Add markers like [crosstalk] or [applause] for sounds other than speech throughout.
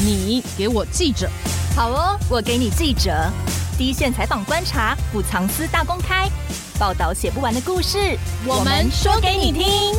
你給我記者，好哦，我給你記者，第一線採訪觀察，不藏私大公開，報道寫不完的故事，我們說給你聽。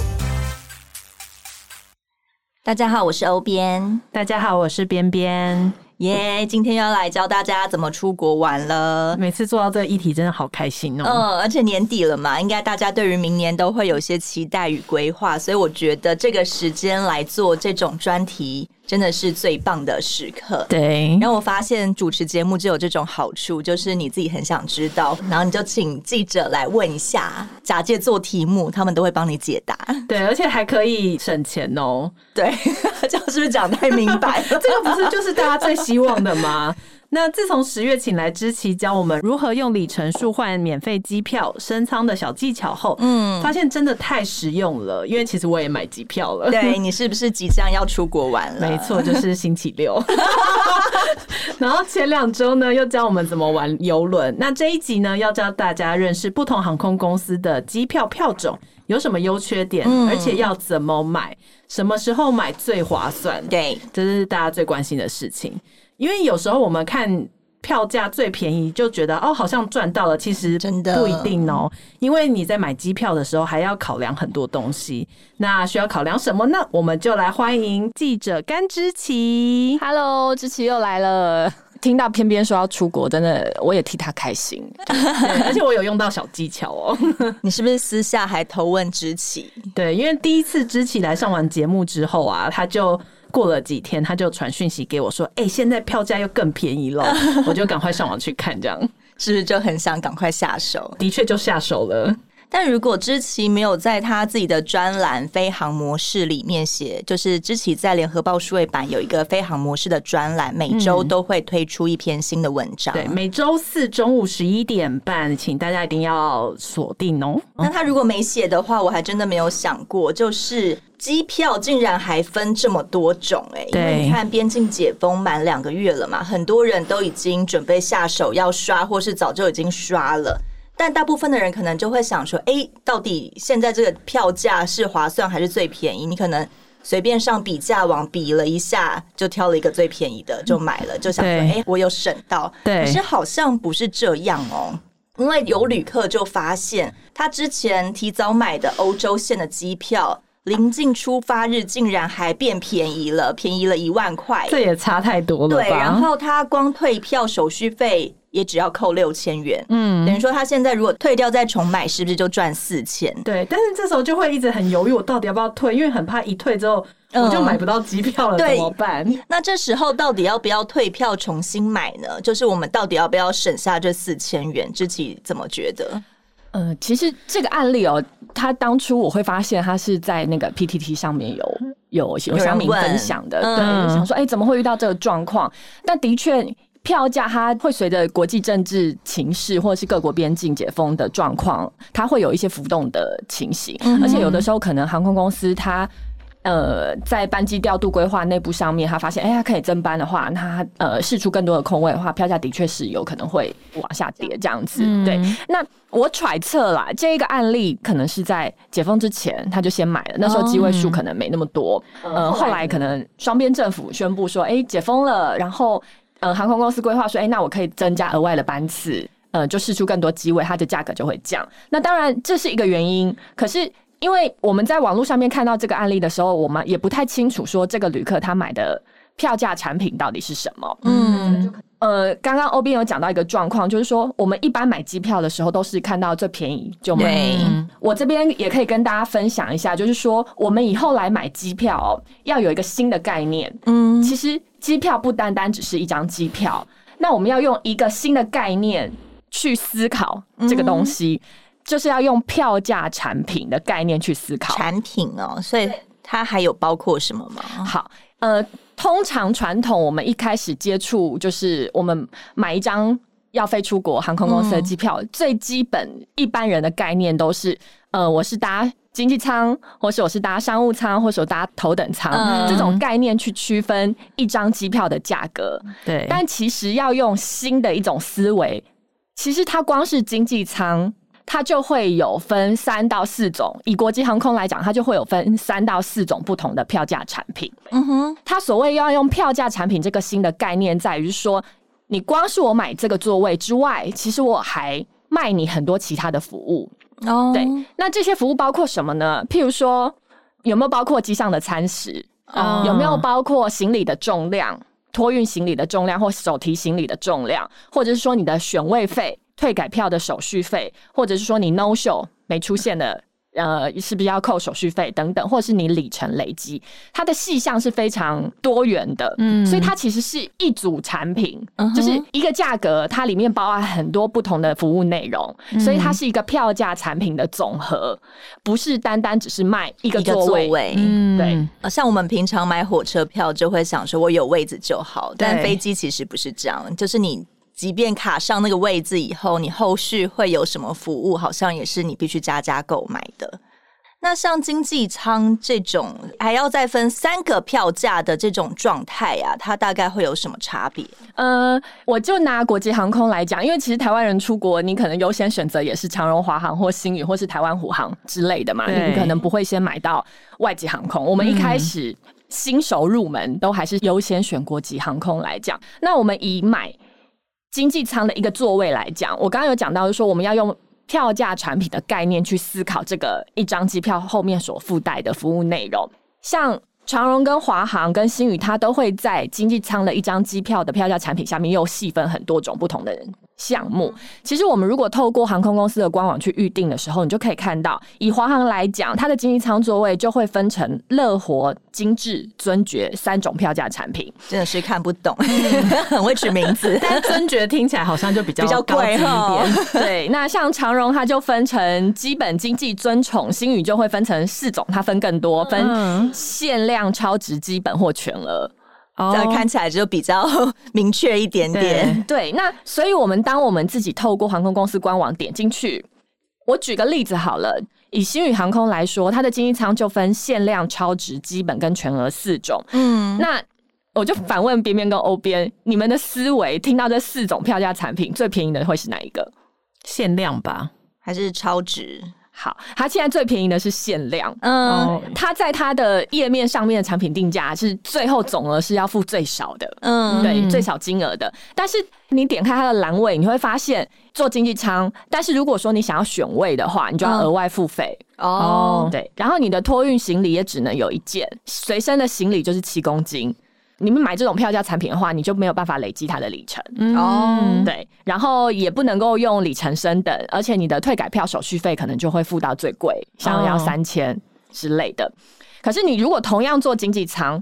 大家好，我是喔編。大家好，我是邊編耶。Yeah, 今天要來教大家怎麼出國玩了。每次做到這一題，真的好開心哦、嗯。而且年底了嘛，應該大家對於明年都會有些期待與規劃，所以我覺得這個時間來做這種專題。真的是最棒的時刻，對。然後我發現主持節目就有這種好處，就是你自己很想知道，然後你就請記者來問一下，假借做題目，他們都會幫你解答。對，而且還可以省錢哦。對，這樣是不是講得太明白了？ [laughs] 這個不是就是大家最希望的嗎？那自從十月請來芝萁教我們如何用里程數換免費機票升艙的小技巧後，嗯，發現真的太實用了。因為其實我也買機票了。對，你是不是即將要出國玩了？沒錯，就是星期六。嗯、 [laughs] [laughs] [laughs] 然後前兩周呢，又教我們怎麼玩遊輪。那這一集呢，要教大家認識不同航空公司的機票票種，有什麼優缺點，嗯，而且要怎麼買，什麼時候買最划算？對，這就是大家最關心的事情。因為有時候我們看票價最便宜，就覺得哦，好像賺到了。其實真的不一定哦，因為你在買機票的時候還要考量很多東西。那需要考量什麼呢？我們就來歡迎記者甘芝萁。Hello，芝萁又來了。聽到邊編說要出國，真的我也替他開心。而且我有用到小技巧哦。 [laughs] 你是不是私下還偷問芝萁？對，因為第一次芝萁來上完節目之後啊，他就。過了幾天，他就傳訊息給我說：“欸，現在票價又更便宜了。”我就趕快上網去看，這樣 [laughs] 是不是就很想趕快下手？的確，就下手了。但如果芝萁沒有在他自己的專欄《飛航模式》裡面寫，就是芝萁在《聯合報》數位版有一個《飛航模式》的專欄，每周都會推出一篇新的文章。嗯、對，每周四中午十一點半，請大家一定要鎖定哦。那他如果沒寫的話，我還真的沒有想過，就是機票竟然還分這麼多種哎、欸！因為你看邊境解封滿兩個月了嘛，很多人都已經準備下手要刷，或是早就已經刷了。但大部分的人可能就會想說：“哎、欸，到底現在這個票價是划算還是最便宜？你可能隨便上比價網比了一下，就挑了一個最便宜的就買了，就想說：‘哎、欸，我有省到。’對，可是好像不是這樣哦、喔，因為有旅客就發現，他之前提早買的歐洲線的機票，臨近出發日竟然還變便宜了，便宜了一萬塊，這也差太多了。對，然後他光退票手續費。”也只要扣六千元，嗯，等於說他現在如果退掉再重買，是不是就賺四千？對，但是這時候就會一直很猶豫，我到底要不要退？因為很怕一退之後、嗯、我就買不到機票了，對，怎麼辦？那這時候到底要不要退票重新買呢？就是我們到底要不要省下這四千元？自己怎麼覺得？嗯、呃，其實這個案例哦、喔，他當初我會發現他是在那個 PTT 上面有有有想跟你分享的，嗯、對、嗯，想說哎、欸，怎麼會遇到這個狀況？但的確。票價它會隨着國際政治情勢或者是各國邊境解封的狀況，它會有一些浮動的情形。而且有的時候，可能航空公司它呃在班機調度規劃內部上面，它發現哎、欸、它可以增班，的話，那呃釋出更多的空位的話，票價的確是有可能會往下跌這樣子。對，那我揣測啦這個案例，可能是在解封之前他就先買了，那時候機位數可能沒那麼多。呃，後來可能雙邊政府宣布說哎、欸、解封了，然後。嗯，航空公司規劃說，誒、欸、那我可以增加額外的班次，呃、嗯，就釋出更多機位，它的價格就會降。那當然，這是一個原因。可是，因為我們在網絡上面看到這個案例的時候，我們也不太清楚說這個旅客他買的票價產品到底是什麼。嗯，呃、嗯，剛剛喔編有講到一個狀況，就是說我們一般買機票的時候都是看到最便宜就買。對。我這邊也可以跟大家分享一下，就是說我們以後來買機票要有一個新的概念。嗯，其實。機票不單單只是一張機票，那我們要用一個新的概念去思考這個東西，嗯、就是要用票價產品的概念去思考產品哦。所以它還有包括什麼嗎？好，呃，通常傳統我們一開始接觸，就是我們買一張要飛出國航空公司的機票、嗯，最基本一般人的概念都是，呃，我是搭。經濟艙，或是我是搭商務艙，或是我是搭頭等艙，uh... 這種概念去區分一張機票的價格。對，但其實要用新的一種思維，其實它光是經濟艙，它就會有分三到四種。以國際航空來講，它就會有分三到四種不同的票價產品。嗯哼，它所謂要用票價產品這個新的概念，在於說，你光是我買這個座位之外，其實我還賣你很多其他的服務。哦、oh.，對，那這些服務包括什麼呢？譬如說，有沒有包括機上的餐食？Oh. 有沒有包括行李的重量，托運行李的重量或手提行李的重量？或者是說你的選位費、退改票的手續費，或者是說你 no show 沒出現的？呃，是不是要扣手續費等等，或者是你里程累積，它的細項是非常多元的，嗯，所以它其實是一組產品，嗯、就是一個價格，它裡面包含很多不同的服務內容、嗯，所以它是一個票價產品的總和，不是單單只是賣一個座位，嗯，對，像我們平常買火車票就會想說，我有位子就好，但飛機其實不是這樣，就是你。即便卡上那個位置以後，你後續會有什麼服務？好像也是你必須加價購買的。那像經濟艙這種，還要再分三個票價的這種狀態呀，它大概會有什麼差別？呃，我就拿國籍航空來講，因為其實台灣人出國，你可能優先選擇也是長榮、華航或星宇或是台灣虎航之類的嘛，你可能不會先買到外籍航空。我們一開始、嗯、新手入門都還是優先選國籍航空來講。那我們以買。經濟艙的一個座位來講，我剛剛有講到，就是說我們要用票價產品的概念去思考這個一張機票後面所附帶的服務內容。像長榮、跟華航、跟星宇，它都會在經濟艙的一張機票的票價產品下面，又細分很多種不同的人。項目其實，我們如果透過航空公司的官網去預定的時候，你就可以看到，以華航來講，它的經濟艙座位就會分成樂活、精緻、尊爵三種票價產品，真的是看不懂， [laughs] [laughs] 很會取名字。 [laughs] 但尊爵聽起來好像就比較比較貴一點。哦、 [laughs] 對，那像長榮，它就分成基本、經濟、尊崇、星宇就會分成四種，它分更多，分限量、超值、基本或全額。Oh, 這樣看起來就比較明確一點點。對，對，那所以我們當我們自己透過航空公司官網點進去，我舉個例子好了，以星宇航空來說，它的經濟艙就分限量、超值、基本跟全額四種。嗯，那我就反問邊編跟喔編，你們的思維聽到這四種票價產品，最便宜的會是哪一個？限量吧，還是超值？好，它現在最便宜的是限量，嗯，它在它的頁面上面的產品定價，是最後總額是要付最少的，嗯，對，最少金額的。嗯。但是你點開它的欄位，你會發現坐經濟艙，但是如果說你想要選位的話，你就要額外付費哦，嗯。對，然後你的托運行李也只能有一件，隨身的行李就是七公斤。你們買這種票價產品的話，你就沒有辦法累積它的里程、oh. 對，然後也不能夠用里程升等，而且你的退改票手續費可能就會付到最貴，像要三千之類的。Oh. 可是你如果同樣做經濟艙，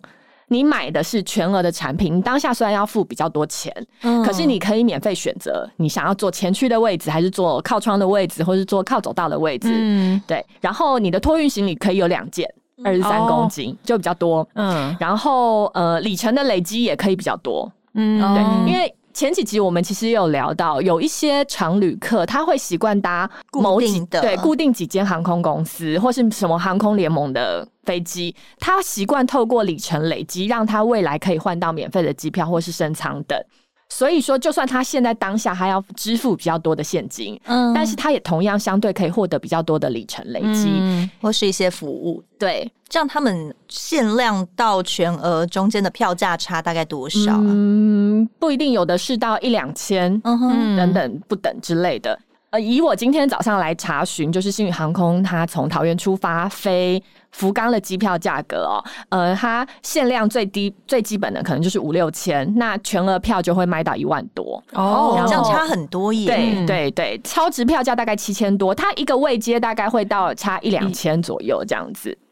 你買的是全額的產品，你當下雖然要付比較多錢，嗯、oh.，可是你可以免費選擇你想要坐前區的位置，還是坐靠窗的位置，或是坐靠走道的位置。嗯、oh.，對。然後你的托運行李可以有兩件。二十三公斤，oh. 就比較多，嗯，然後呃里程的累積也可以比較多，嗯、mm -hmm.，對，因為前幾集我們其實也有聊到，有一些常旅客他會習慣搭某幾、固定的對固定幾間航空公司或是什麼航空聯盟的飛機，他習慣透過里程累積，讓他未來可以換到免費的機票或是升艙等。所以說，就算他現在當下還要支付比較多的現金，嗯，但是他也同樣相對可以獲得比較多的里程累積，嗯，或是一些服務，對。這樣他們限量到全額中間的票價差大概多少啊？嗯，不一定，有的是到一兩千，嗯哼，等等不等之類的。呃，以我今天早上來查詢，就是星宇航空，它從桃園出發飛福岡的機票價格哦、喔，呃，它限量最低最基本的可能就是五六千，6000, 那全額票就會賣到一萬多哦，這樣差很多耶。對對對，超值票價大概七千多，它一個位階大概會到差一兩千左右這樣子、嗯。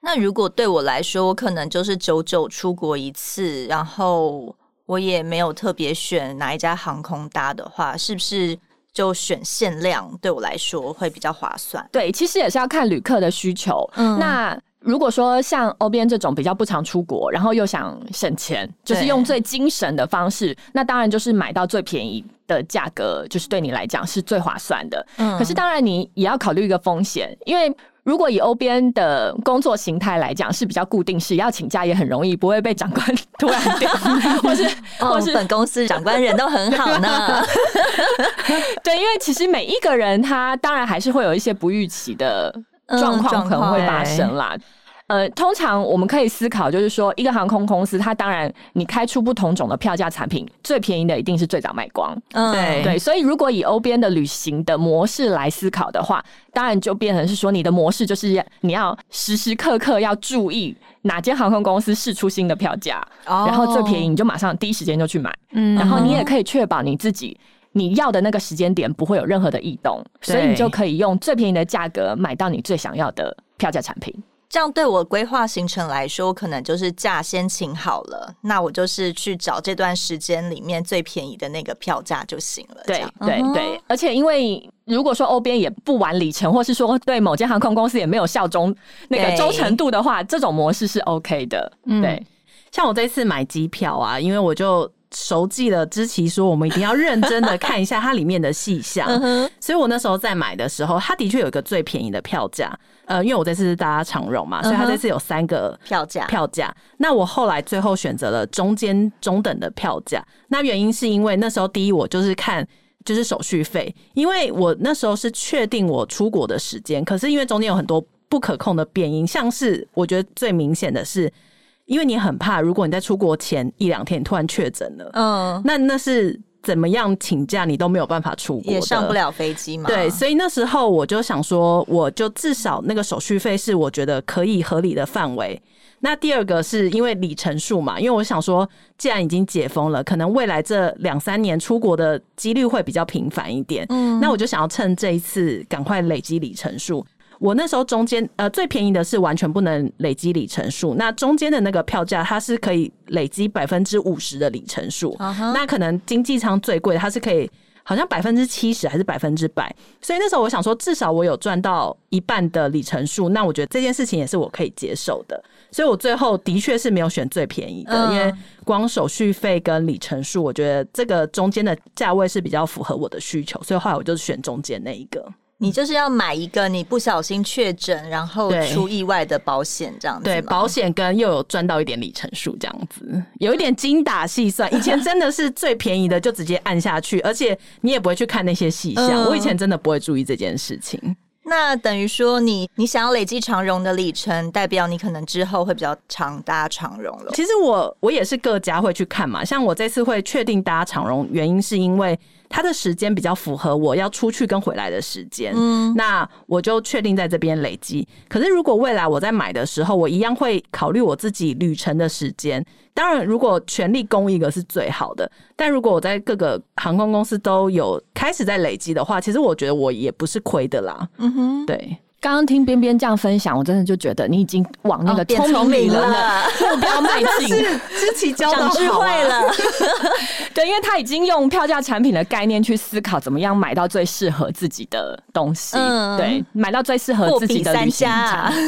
那如果對我來說，我可能就是久久出國一次，然後我也沒有特別選哪一家航空搭的話，是不是？就選限量，對我來說會比較划算。對，其實也是要看旅客的需求。嗯，那。如果說像喔編這種比較不常出國，然後又想省錢，就是用最精省的方式，那當然就是買到最便宜的價格，就是對你來講是最划算的，嗯。可是當然你也要考慮一個風險，因為如果以喔編的工作形態來講是比較固定式，要請假也很容易，不會被長官突然調 [laughs] 或是，哦，或是本公司長官人都很好呢 [laughs] 。 [laughs] 對，因為其實每一個人他當然還是會有一些不預期的。狀、嗯、況可能會發生啦、嗯欸，呃，通常我們可以思考，就是說，一個航空公司，它當然，你開出不同種的票價產品，最便宜的一定是最早賣光。嗯、對對，所以如果以喔編的旅行的模式來思考的話，當然就變成是說，你的模式就是你要時時刻刻要注意哪間航空公司試出新的票價、哦，然後最便宜你就馬上第一時間就去買、嗯，然後你也可以確保你自己。你要的那個時間點不會有任何的異動，所以你就可以用最便宜的價格買到你最想要的票價產品。這樣對我規劃行程來說，可能就是假先請好了，那我就是去找這段時間裡面最便宜的那個票價就行了。對對對，而且因為如果說喔編也不玩里程，或是說對某間航空公司也沒有效忠那個忠誠度的話，這種模式是 OK 的。對，嗯、像我這次買機票啊，因為我就。熟記了，芝萁說我們一定要認真的看一下它裡面的細項、 [laughs] 嗯。所以我那時候在買的時候，它的確有一個最便宜的票價。呃，因為我這次是搭長榮嘛、嗯，所以它這次有三個票價。票價。那我後來最後選擇了中間中等的票價。那原因是因為那時候第一我就是看就是手續費，因為我那時候是確定我出國的時間，可是因為中間有很多不可控的變因，像是我覺得最明顯的是。因為你很怕，如果你在出國前一兩天突然確診了，嗯，那那是怎麼樣請假你都沒有辦法出國，也上不了飛機嘛。對，所以那時候我就想說，我就至少那個手續費是我覺得可以合理的範圍。那第二個是因為里程數嘛，因為我想說，既然已經解封了，可能未來這兩三年出國的幾率會比較頻繁一點。嗯，那我就想要趁這一次趕快累積里程數。我那時候中間呃最便宜的是完全不能累積里程數，那中間的那個票價它是可以累積百分之五十的里程數，Uh-huh. 那可能經濟艙最貴它是可以好像百分之七十還是百分之百，所以那時候我想說至少我有賺到一半的里程數，那我覺得這件事情也是我可以接受的，所以我最後的確是沒有選最便宜的，因為光手續費跟里程數，我覺得這個中間的價位是比較符合我的需求，所以後來我就選中間那一個。你就是要買一個你不小心確診，然後出意外的保險這樣子，對，對，保險跟又有賺到一點里程數這樣子，有一點精打細算。 [laughs] 以前真的是最便宜的就直接按下去，而且你也不會去看那些細項，嗯。我以前真的不會注意這件事情。那等於說你你想要累積長榮的里程，代表你可能之後會比較常搭長榮了。其實我我也是各家會去看嘛，像我這次會確定搭長榮，原因是因為。他的時間比較符合我要出去跟回來的時間，嗯，那我就確定在這邊累積。可是如果未來我在買的時候，我一樣會考慮我自己旅程的時間。當然，如果全力供一個是最好的，但如果我在各個航空公司都有開始在累積的話，其實我覺得我也不是虧的啦。嗯哼，對。剛剛聽邊邊這樣分享，我真的就覺得你已經往那個變聰明了，目標邁進， [laughs] 那是 [laughs] 知己交到智慧了。 [laughs] [laughs] 對，因為他已經用票價產品的概念去思考，怎麼樣買到最適合自己的東西。嗯、對，買到最適合自己的旅行。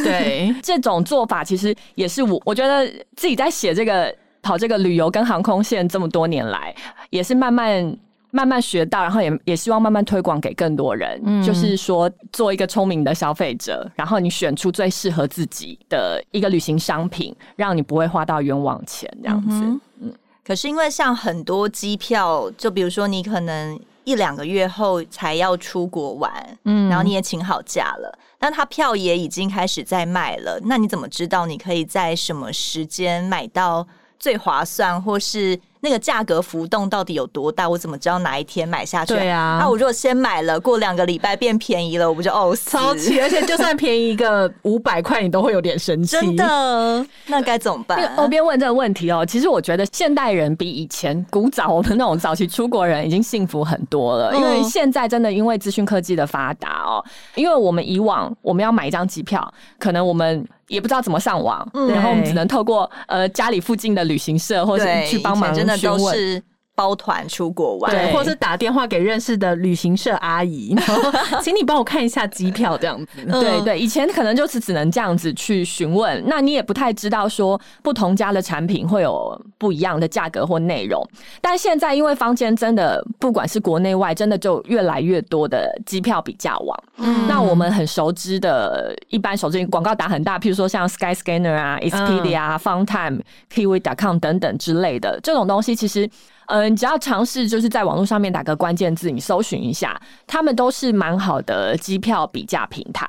對， [laughs] 這種做法其實也是我，我覺得自己在寫這個跑這個旅遊跟航空線這麼多年來，也是慢慢。慢慢學到，然後也也希望慢慢推廣給更多人，嗯。就是說，做一個聰明的消費者，然後你選出最適合自己的一個旅行商品，讓你不會花到冤枉錢這樣子。嗯嗯，可是因為像很多機票，就比如說你可能一兩個月後才要出國玩，嗯，然後你也請好假了，但他票也已經開始在賣了，那你怎麼知道你可以在什麼時間買到最划算，或是？那個價格浮動到底有多大？我怎麼知道哪一天買下去？對啊，那、啊、我如果先買了，過兩個禮拜變便宜了，我不就哦，超級！ [laughs] 而且就算便宜一個五百塊，你都會有點生氣。真的，那該怎麼辦？我、那、邊、個、問這個問題哦、喔，其實我覺得現代人比以前古早的那種早期出國人已經幸福很多了，嗯、因為現在真的因為資訊科技的發達哦、喔，因為我們以往我們要買一張機票，可能我們也不知道怎麼上網，嗯、然後我們只能透過呃家裡附近的旅行社或者去幫忙。都是。包團出國玩，或是打電話給認識的旅行社阿姨， [laughs] 請你幫我看一下機票這樣子。 [laughs] 對，對對，以前可能就是只能這樣子去詢問，那你也不太知道說不同家的產品會有不一樣的價格或內容。但現在因為坊間真的不管是國內外，真的就越來越多的機票比價網。嗯。那我們很熟知的，一般熟知廣告打很大，譬如說像 Skyscanner 啊、Expedia 啊、Funtime、Kiwi.com 等等之類的這種東西，其實。嗯，只要嘗試就是在網絡上面打個關鍵字，你搜尋一下，他們都是蠻好的機票比價平台。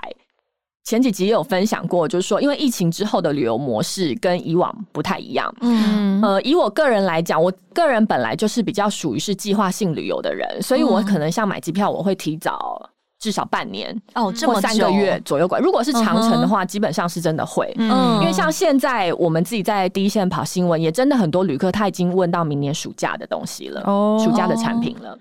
前幾集也有分享過，就是說因為疫情之後的旅遊模式跟以往不太一樣。嗯，呃，以我個人來講，我個人本來就是比較屬於是計劃性旅遊的人，所以我可能像買機票，我會提早。至少半年哦，這麼三個月左右。如果是長程的話，uh -huh. 基本上是真的會，嗯，因為像現在我們自己在第一線跑新聞，也真的很多旅客他已經問到明年暑假的東西了，oh. 暑假的產品了。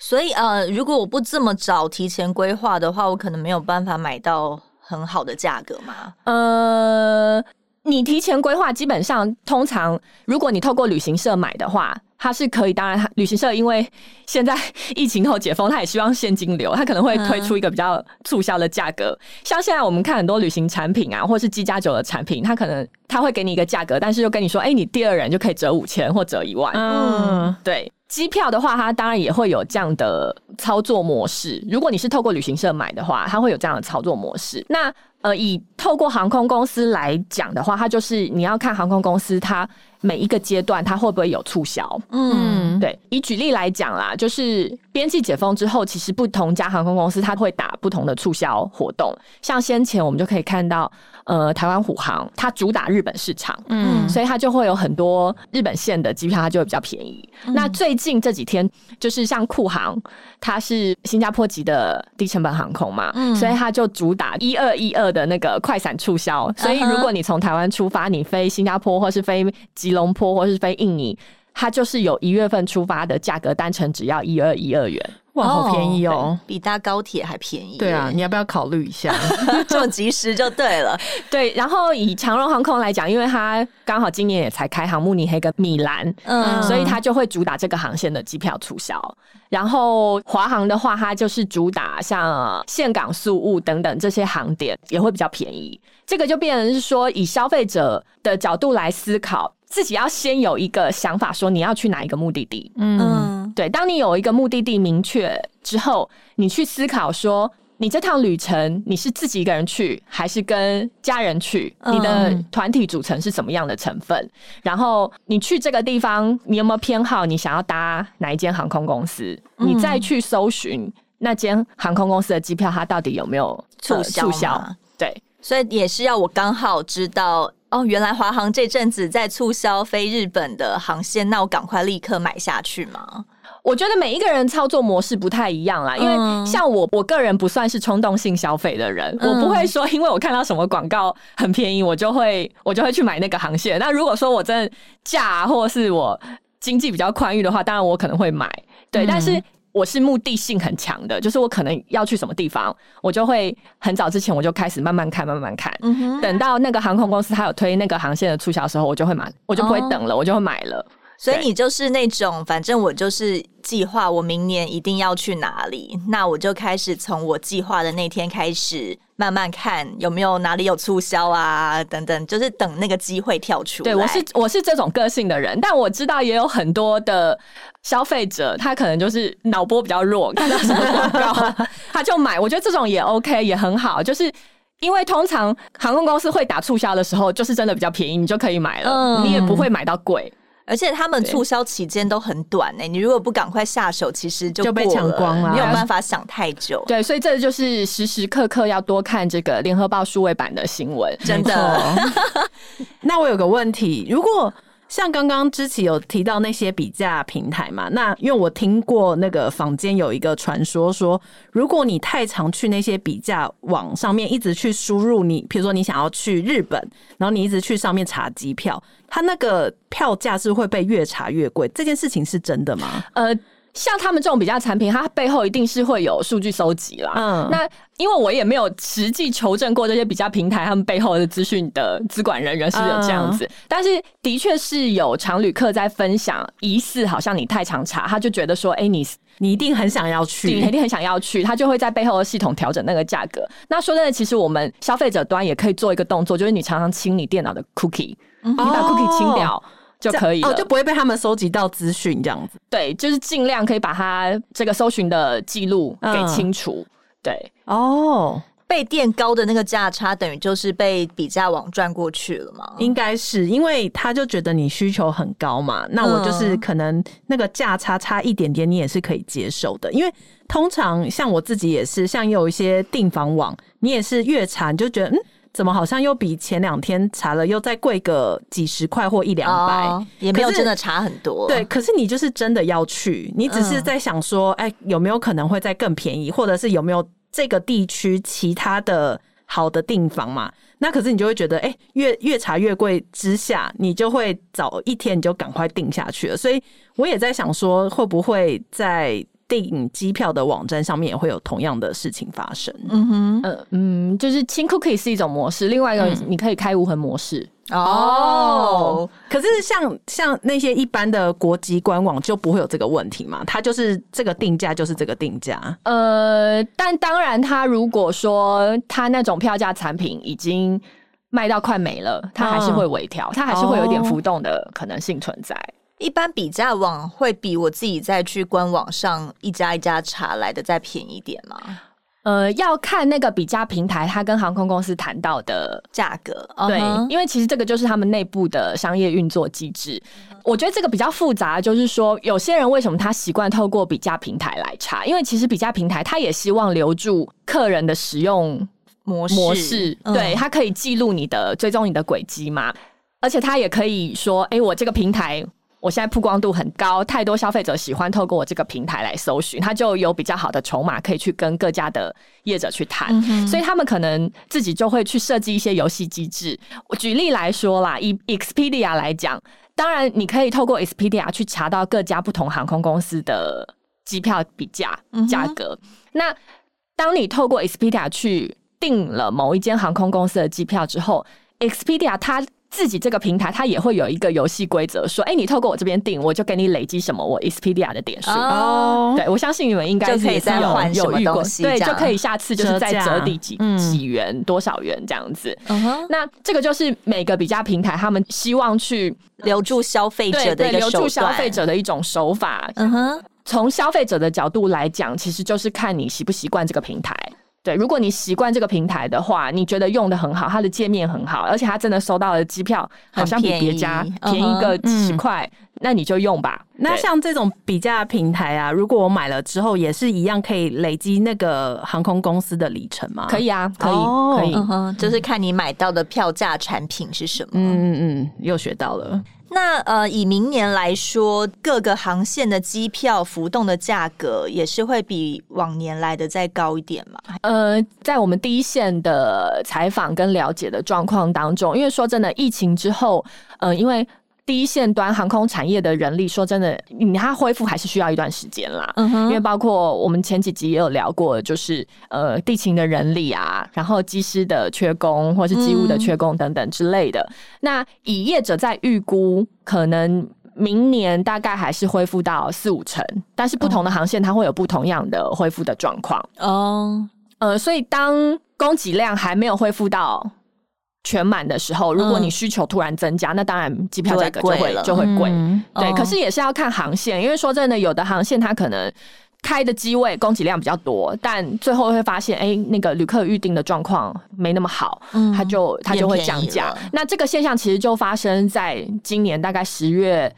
所以呃，如果我不這麼早提前規劃的話，我可能沒有辦法買到很好的價格嘛。呃，你提前規劃，基本上通常如果你透過旅行社買的話。它是可以，當然，旅行社因為現在疫情後解封，他也希望現金流，他可能會推出一個比較促銷的價格。嗯。像現在我們看很多旅行產品啊，或是機加酒的產品，它可能他會給你一個價格，但是又跟你說，哎，你第二人就可以折五千或折一萬。嗯，對，機票的話，它當然也會有這樣的操作模式。如果你是透過旅行社買的話，它會有這樣的操作模式。那呃，以透過航空公司來講的話，它就是你要看航空公司它。每一個階段，它會不會有促銷？嗯，對。以舉例來講啦，就是邊境解封之後，其實不同家航空公司它會打不同的促銷活動。像先前我們就可以看到。呃，台灣虎航，它主打日本市場，嗯，所以它就會有很多日本線的機票，它就會比較便宜。嗯。那最近這幾天，就是像酷航，它是新加坡籍的低成本航空嘛，嗯，所以它就主打一二一二的那個快閃促銷。所以如果你從台灣出發，你飛新加坡，或是飛吉隆坡，或是飛印尼，它就是有一月份出發的價格，單程只要一二一二元。哇，好便宜哦！哦，比搭高鐵還便宜。對啊，你要不要考慮一下？這麼及時就對了。 [laughs] 對，然後以長榮航空來講，因為它剛好今年也才開航慕尼黑跟米蘭，嗯，所以它就會主打這個航線的機票促銷。然後華航的話，它就是主打像峴港、宿霧等等這些航點，也會比較便宜。這個就變成是說，以消費者的角度來思考，自己要先有一個想法，說你要去哪一個目的地？嗯。嗯對，當你有一個目的地明確之後，你去思考說，你這趟旅程你是自己一個人去，還是跟家人去？嗯、你的團體組成是什麼樣的成分？然後你去這個地方，你有沒有偏好？你想要搭哪一間航空公司？嗯、你再去搜尋那間航空公司的機票，它到底有沒有促銷？促銷？對，所以也是要我剛好知道哦，原來華航這陣子在促銷飛日本的航線，那我趕快立刻買下去嘛。我覺得每一個人操作模式不太一樣啦，嗯、因為像我，我個人不算是衝動性消費的人，嗯，我不會說因為我看到什麼廣告很便宜，我就會我就會去買那個航線。那如果說我真的價或是我經濟比較寬裕的話，當然我可能會買。對，嗯、但是我是目的性很強的，就是我可能要去什麼地方，我就會很早之前我就開始慢慢看，慢慢看，嗯，等到那個航空公司他有推那個航線的促銷的時候，我就會買，我就不會等了，哦，我就會買了。所以你就是那種，反正我就是計劃，我明年一定要去哪裡，那我就開始從我計劃的那天開始慢慢看有沒有哪裡有促銷啊等等，就是等那個機會跳出來。對，我是我是這種個性的人，但我知道也有很多的消費者，他可能就是腦波比較弱，看到什麼廣告 [laughs] 他就買。我覺得這種也 OK，也很好，就是因為通常航空公司會打促銷的時候，就是真的比較便宜，你就可以買了，um, 你也不會買到貴。而且他們促銷期間都很短、欸、你如果不趕快下手，其實就，就被搶光了，沒有辦法想太久。對，所以這就是時時刻刻要多看這個《聯合報》數位版的新聞。真的？ [laughs] [laughs] 那我有個問題，如果。像剛剛芝萁有提到那些比價平台嘛，那因為我聽過那個坊間有一個傳說，說如果你太常去那些比價網上面一直去輸入你，比如說你想要去日本，然後你一直去上面查機票，它那個票價是會被越查越貴，這件事情是真的嗎？呃。像他們這種比較產品，它背後一定是會有數據收集啦。嗯，那因為我也沒有實際求證過這些比較平台他們背後的資訊的資管人員是不是有這樣子，嗯、但是的確是有常旅客在分享，疑似好像你太常查，他就覺得說，哎、欸，你你一定很想要去，你一定很想要去，他就會在背後的系統調整那個價格。那說真的，其實我們消費者端也可以做一個動作，就是你常常清你電腦的 cookie，你把 cookie 清掉。哦就可以哦、喔，就不會被他們收集到資訊這樣子。對，就是盡量可以把它這個搜尋的記錄給清除、嗯。對，哦，被墊高的那個價差等於就是被比價網賺過去了嘛？應該是，因為他就覺得你需求很高嘛，那我就是可能那個價差差一點點，你也是可以接受的。因為通常像我自己也是，像有一些訂房網，你也是越查你就覺得嗯。怎麼好像又比前兩天查了又再貴個幾十塊或一兩百。哦，也沒有真的差很多。對，可是你就是真的要去，你只是在想說，哎、嗯，欸，有沒有可能會再更便宜，或者是有沒有這個地區其他的好的訂房嘛？那可是你就會覺得，哎、欸，越越查越貴之下，你就會早一天你就趕快訂下去了。所以我也在想說，會不會在，訂機票的網站上面也會有同樣的事情發生。嗯哼，呃，嗯，就是清 cookie 是一種模式，另外一個你可以開無痕模式，嗯。哦，可是像像那些一般的國際官網就不會有這個問題嘛？它，就是這個定價就是這個定價。呃，但當然，它如果說它那種票價產品已經賣到快沒了，它還是會微調，它，哦、還是會有點浮動的可能性存在。一般比價網會比我自己再去官網上一家一家查來的再便宜一點嗎？呃，要看那個比價平台，它跟航空公司談到的價格。對，uh -huh. 因為其實這個就是他們內部的商業運作機制。Uh -huh. 我覺得這個比較複雜，就是說有些人為什麼他習慣透過比價平台來查？因為其實比價平台他也希望留住客人的使用模式，uh -huh. 對，他可以記錄你的，追蹤你的軌跡嘛。而且他也可以說，哎，欸，我這個平台。我現在曝光度很高，太多消費者喜歡透過我這個平台來搜尋，他就有比較好的籌碼可以去跟各家的業者去談，嗯，所以他們可能自己就會去設計一些遊戲機制。我舉例來說啦，以 Expedia 來講，當然你可以透過 Expedia 去查到各家不同航空公司的機票比價，嗯、價格。那當你透過 Expedia 去訂了某一間航空公司的機票之後，Expedia 它。自己這個平台，它也會有一個遊戲規則，說，哎、欸，你透過我這邊訂，我就給你累積什麼，我 Expedia 的點數。哦、oh，對，我相信你們應該可以再換有遇過，對，就可以下次就是再折抵幾幾元多少元這樣子。嗯，那這個就是每個比價平台他們希望去留住消費者的一種手段，留住消費者，者的一種手法。嗯哼，從消費者的角度來講，其實就是看你習不習慣這個平台。對，如果你習慣這個平台的話，你覺得用的很好，它的界面很好，而且它真的收到的機票好像比別家便宜,便宜個幾十塊，uh -huh, 那你就用吧。嗯、那像這種比價平台啊，如果我買了之後也是一樣可以累積那個航空公司的里程嗎？可以啊，可以，oh, 可以，uh -huh, 就是看你買到的票價產品是什麼。嗯嗯嗯，又學到了。那呃，以明年來說，各個航線的機票浮動的價格也是會比往年來的再高一點嘛？呃，在我們第一線的採訪跟了解的狀況當中，因為說真的，疫情之後，嗯、呃，因為。第一線端航空產業的人力，說真的，你它恢復還是需要一段時間啦。嗯哼。因為包括我們前幾集也有聊過，就是呃地勤的人力啊，然後機師的缺工，或是機務的缺工等等之類的。嗯、那以業者在預估，可能明年大概還是恢復到四五成，但是不同的航線它會有不同樣的恢復的狀況。哦、Oh.，呃，所以當供給量還沒有恢復到全滿的時候，如果你需求突然增加，嗯、那當然機票價格就會就也貴了就會貴，嗯。對，可是也是要看航線，嗯，因為說真的，嗯，有的航線它可能開的機位供給量比較多，但最後會發現，哎，欸，那個旅客預定的狀況沒那麼好，嗯，它就它就會降價。那這個現象其實就發生在今年大概十月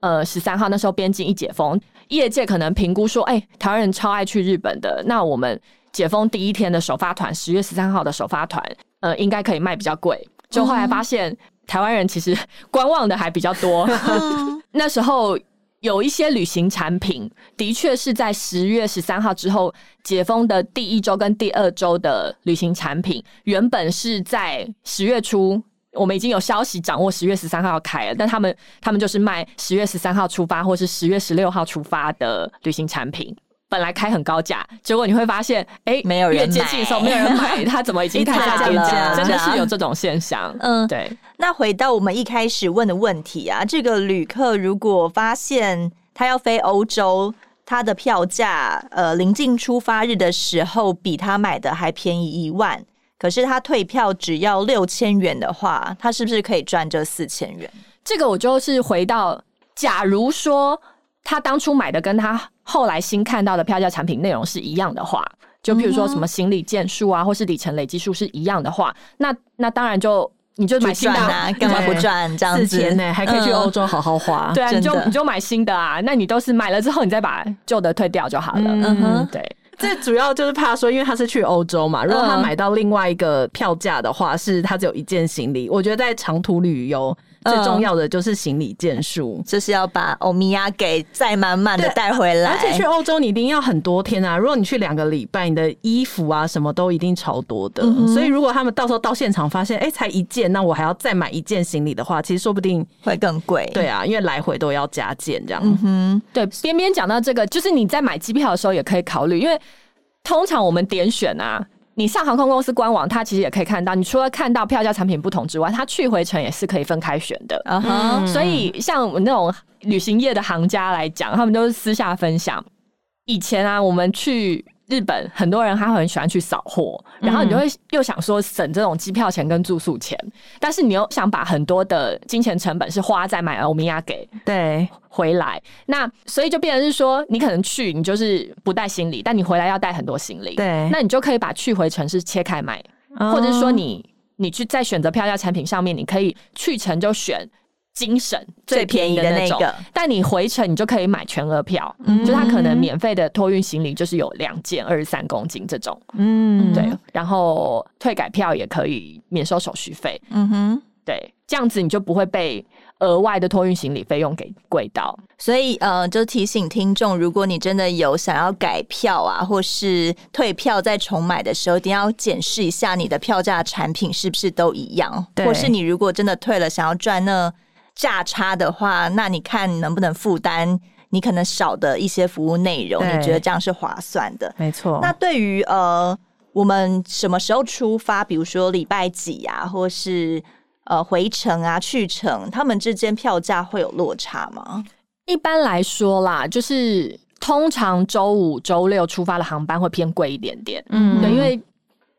呃十三號那時候，邊境一解封，業界可能評估說，哎，欸，台灣人超愛去日本的，那我們。解封第一天的首發團，十月十三號的首發團，呃，應該可以賣比較貴。就後來發現，嗯、台灣人其實觀望的還比較多。嗯、 [laughs] 那時候有一些旅行產品，的確是在十月十三號之後解封的第一周跟第二周的旅行產品，原本是在十月初，我們已經有消息掌握十月十三號要開了，但他們他們就是賣十月十三號出發或是十月十六號出發的旅行產品。本來開很高價，結果你會發現，哎、欸，沒有人越接近的時候沒有人買，他 [laughs] 怎麼已經開下價價了？真的是有這種現象。嗯，對。那回到我們一開始問的問題啊，這個旅客如果發現他要飛歐洲，他的票價呃臨近出發日的時候比他買的還便宜一萬，可是他退票只要六千元的話，他是不是可以賺這四千元？這個我就是回到，假如說他當初買的跟他。後來新看到的票價產品內容是一樣的話，就譬如說什麼行李件數啊、嗯，或是里程累積數是一樣的話，那那當然就你就買新的，幹、啊、嘛不賺這樣子呢、欸？還可以去歐洲好好花，嗯、對啊，你就你就買新的啊。那你都是買了之後，你再把舊的退掉就好了。嗯哼、嗯嗯嗯，對。最 [laughs] 主要就是怕說，因為他是去歐洲嘛，如果他買到另外一個票價的話、嗯，是他只有一件行李。我覺得在長途旅遊。最重要的就是行李件數、嗯，就是要把歐米亞給再慢慢的帶回來。而且去歐洲你一定要很多天啊，如果你去兩個禮拜，你的衣服啊什麼都一定超多的。嗯、所以如果他們到時候到現場發現，哎、欸，才一件，那我還要再買一件行李的話，其實說不定會更貴。對啊，因為來回都要加件這樣。嗯哼，對。邊邊講到這個，就是你在買機票的時候也可以考慮，因為通常我們點選啊。你上航空公司官網，它其實也可以看到，你除了看到票價產品不同之外，它去回程也是可以分開選的。啊哈，所以像那種旅行業的行家來講，他們都是私下分享。以前啊，我們去。日本很多人他很喜歡去掃貨，然後你就會又想說省這種機票錢跟住宿錢，嗯、但是你又想把很多的金錢成本是花在買歐米亞給對回來，那所以就變成是說你可能去你就是不帶行李，但你回來要帶很多行李，對，那你就可以把去回程是切開買，或者是說你你去在選擇票價產品上面，你可以去程就選。精神最便宜的那種的，最便宜的那個，但你回程你就可以買全額票。嗯、就他可能免費的托運行李就是有兩件二十三公斤這種，嗯，對，然後退改票也可以免收手續費，嗯哼，對，這樣子你就不會被額外的托運行李費用給貴到。所以呃，就提醒聽眾，如果你真的有想要改票啊，或是退票再重買的時候，一定要檢視一下你的票價產品是不是都一樣。對，或是你如果真的退了，想要賺那。價差的話，那你看能不能負擔？你可能少的一些服務內容，你覺得這樣是划算的？沒錯。那對於呃，我們什麼時候出發？比如說禮拜幾啊，或是呃回程啊、去程，他們之間票價會有落差嗎？一般來說啦，就是通常週五、週六出發的航班會偏貴一點點。嗯，對，因為。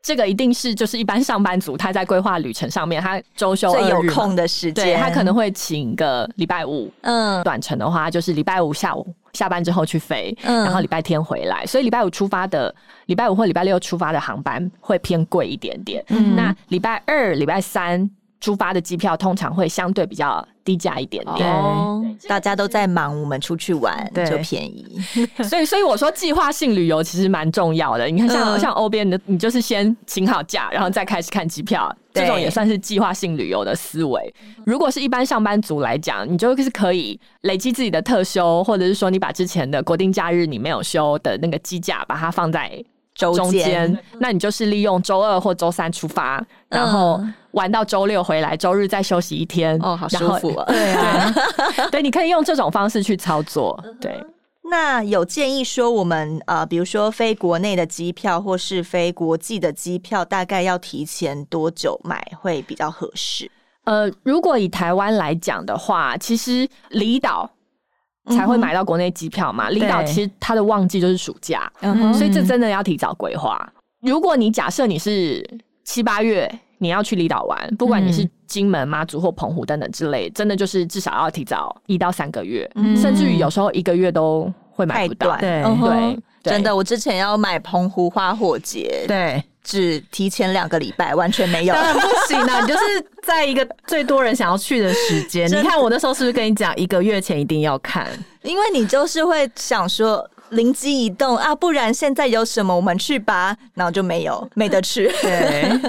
這個一定是就是一般上班族，他在規劃旅程上面，他周休最有空的時間，對他可能會請個禮拜五，嗯，短程的話就是禮拜五下午下班之後去飛，嗯，然後禮拜天回來，所以禮拜五出發的，禮拜五或禮拜六出發的航班會偏貴一點點，嗯、那禮拜二、禮拜三。出發的機票通常會相對比較低價一點點，oh, 嗯，大家都在忙，我們出去玩就便宜。所以，所以我說計劃性旅遊其實蠻重要的。你看，像像喔編的，你就是先請好假，然後再開始看機票，嗯，這種也算是計劃性旅遊的思維。如果是一般上班族來講，你就是可以累積自己的特休，或者是說你把之前的國定假日你沒有休的那個機假，把它放在。週間中間、嗯，那你就是利用周二或周三出發、嗯，然後玩到周六回來，周日再休息一天。哦、嗯，好舒服、啊，對啊， [laughs] 對，你可以用這種方式去操作。對，那有建議說，我們呃，比如說飛國內的機票或是飛國際的機票，大概要提前多久買會比較合適？呃，如果以台灣來講的話，其實離島。才會買到國內機票嘛？離、嗯、島其實它的旺季就是暑假，所以這真的要提早規劃、嗯。如果你假設你是七八月你要去離島玩，不管你是金門、媽祖或澎湖等等之類、嗯，真的就是至少要提早一到三個月，嗯、甚至於有時候一個月都會買不到。對對，對，對，對，對，真的，我之前要買澎湖花火節，對。只提前兩個禮拜，完全沒有， [laughs] 不行啊！你就是在一個最多人想要去的時間，你看我那時候是不是跟你講，一個月前一定要看，因為你就是會想說靈機一動啊，不然現在有什麼我們去吧，然後就沒有，沒得去。 [laughs] 對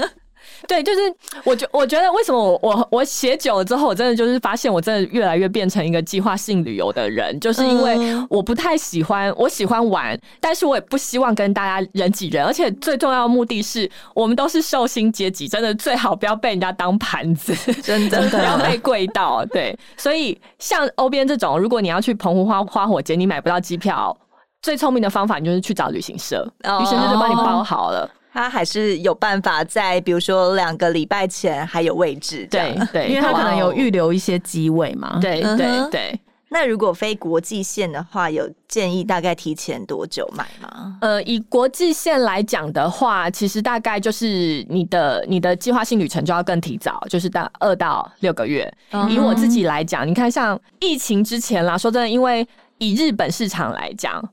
對，就是我覺，我覺得為什麼我我我寫久了之後，我真的就是發現，我真的越來越變成一個計劃性旅遊的人，就是因為我不太喜歡，我喜歡玩，但是我也不希望跟大家人擠人，而且最重要的目的是，我們都是受薪階級，真的最好不要被人家當盤子，真的 [laughs] 不要被貴到。對，所以像歐邊這種，如果你要去澎湖花花火節，你買不到機票，最聰明的方法你就是去找旅行社，旅行社就幫你包好了。Oh. 他還是有辦法在，比如說兩個禮拜前還有位置，對對，因為他可能有預留一些機位嘛。對、wow. 對對。對對 uh -huh. 那如果飛國際線的話，有建議大概提前多久買嗎？呃，以國際線來講的話，其實大概就是你的你的計劃性旅程就要更提早，就是到二到六個月。Uh -huh. 以我自己來講，你看像疫情之前啦，說真的，因為以日本市場來講。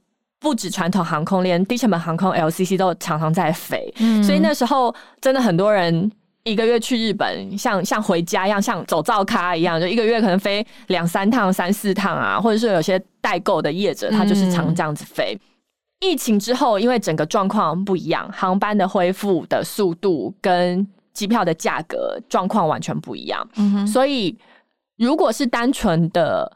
不止傳統航空，連低成本航空 LCC 都常常在飛，嗯。所以那時候真的很多人一個月去日本像、像像回家一樣，像走灶咖一樣，就一個月可能飛兩三趟、三四趟啊。或者是有些代購的業者，他就是常這樣子飛。嗯、疫情之後，因為整個狀況不一樣，航班的恢復的速度跟機票的價格狀況完全不一樣。嗯哼，所以如果是單純的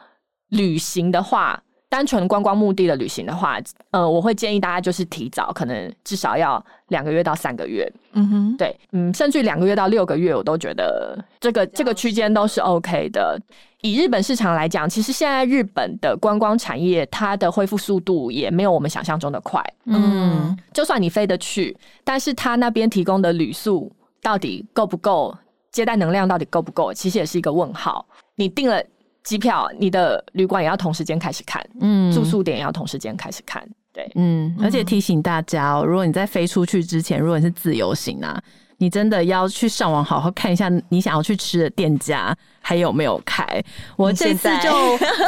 旅行的話，單純觀光目的的旅行的話，呃，我會建議大家就是提早，可能至少要兩個月到三個月。嗯哼，對，嗯，甚至兩個月到六個月，我都覺得這個這，這個區間都是 OK 的。以日本市場來講，其實現在日本的觀光產業它的恢復速度也沒有我們想象中的快。嗯，嗯就算你飛得去，但是他那邊提供的旅宿到底夠不夠，接待能量到底夠不夠，其實也是一個問號。你定了。機票，你的旅館也要同時間開始看，嗯，住宿點也要同時間開始看，對，嗯，而且提醒大家哦，如果你在飛出去之前，如果你是自由行啊，你真的要去上網好好看一下你想要去吃的店家還有沒有開。我這次就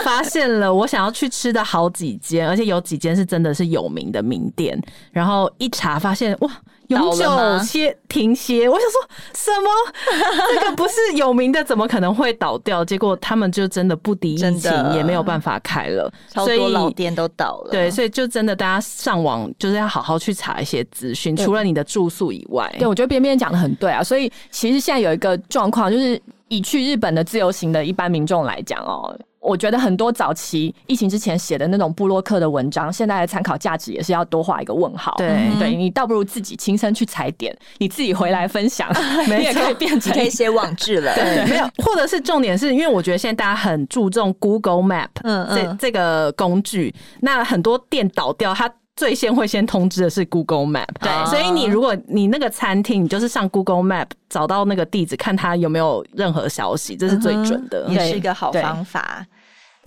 發現了我想要去吃的好幾間， [laughs] 而且有幾間是真的是有名的名店，然後一查發現哇，永久歇停歇，我想說什麼？這個不是有名的， [laughs] 怎麼可能會倒掉？結果他們就真的不敵疫情，也沒有辦法開了，所以超多老店都倒了。對，所以就真的大家上網就是要好好去查一些資訊，除了你的住宿以外，對，我覺得邊邊講得很對啊。所以其實現在有一個狀況，就是以去日本的自由行的一般民眾來講哦、喔。我覺得很多早期疫情之前寫的那種部落客的文章，現在的參考價值也是要多畫一個問號。對，嗯、對你倒不如自己親身去踩點，你自己回來分享，啊、你也可以變成一些網誌了 [laughs] 對對。對，沒有，或者是重點是因為我覺得現在大家很注重 Google Map，嗯嗯，這這個工具，那很多店倒掉，它最先會先通知的是 Google Map 對。對、哦，所以你如果你那個餐廳，你就是上 Google Map 找到那個地址，看它有沒有任何消息，這是最準的，嗯、也是一個好方法。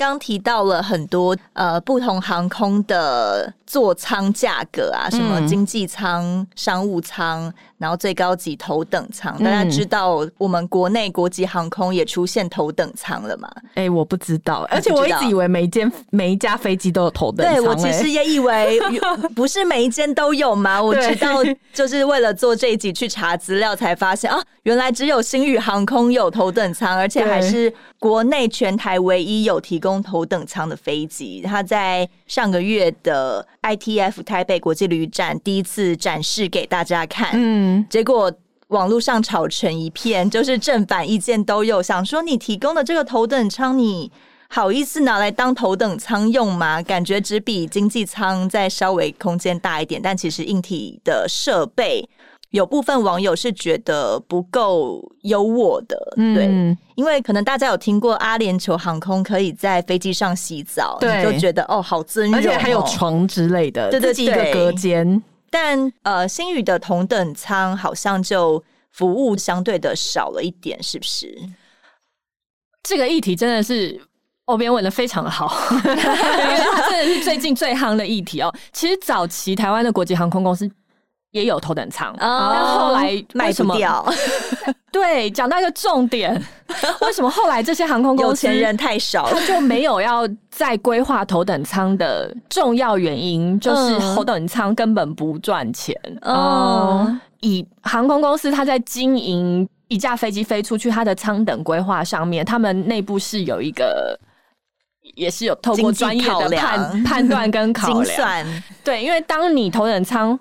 剛提到了很多呃，不同航空的座艙價格啊，什麼經濟艙、商務艙。然後最高級頭等艙，大家知道我們國內國際航空也出現頭等艙了嘛？哎、嗯，我不知道，而且我，我一直以為每一間每一架飛機都有頭等艙、欸。對，我其實也以為 [laughs] 不是每一間都有嘛。我知道，就是為了做這一集去查資料，才發現啊，原來只有星宇航空有頭等艙，而且還是國內全台唯一有提供頭等艙的飛機。它在上個月的。ITF 台北國際旅展第一次展示給大家看，嗯，結果網絡上吵成一片，就是正反意見都有。想說你提供的這個頭等艙，你好意思拿來當頭等艙用嗎？感覺只比經濟艙再稍微空間大一點，但其實硬體的設備。有部分網友是覺得不夠優渥的、嗯，對，因為可能大家有聽過阿聯酋航空可以在飛機上洗澡，對就覺得哦好尊重、哦、而且還有床之類的，自己的隔間。但呃，星宇的頭等艙好像就服務相對的少了一點，是不是？這個議題真的是喔編問的非常的好， [laughs] 真的是最近最夯的議題哦。其實早期台灣的國際航空公司。也有頭等艙，oh, 但後來為什麼賣不掉。 [laughs] 對，講到一個重點， [laughs] 為什麼後來這些航空公司有錢人太少，他就沒有要再規劃頭等艙的重要原因， [laughs] 就是頭等艙根本不賺錢。哦、oh. 嗯，以航空公司它在經營一架飛機飛出去，它的艙等規劃上面，他們內部是有一個，也是有透過專業的判判斷跟考慮 [laughs] 對，因為當你頭等艙。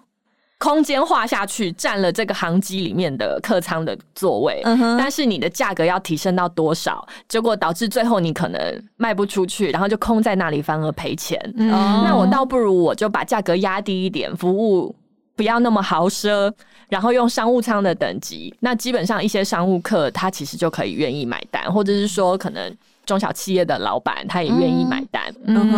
空間劃，下去占了這個航機裡面的客艙的座位，uh -huh. 但是你的價格要提升到多少？結果導致最後你可能賣不出去，然後就空在那裡，反而賠錢。Uh -huh. 那我倒不如我就把價格壓低一點，服務不要那麼豪奢，然後用商務艙的等級。那基本上一些商務客他其實就可以願意買單，或者是說可能中小企業的老闆他也願意買單。嗯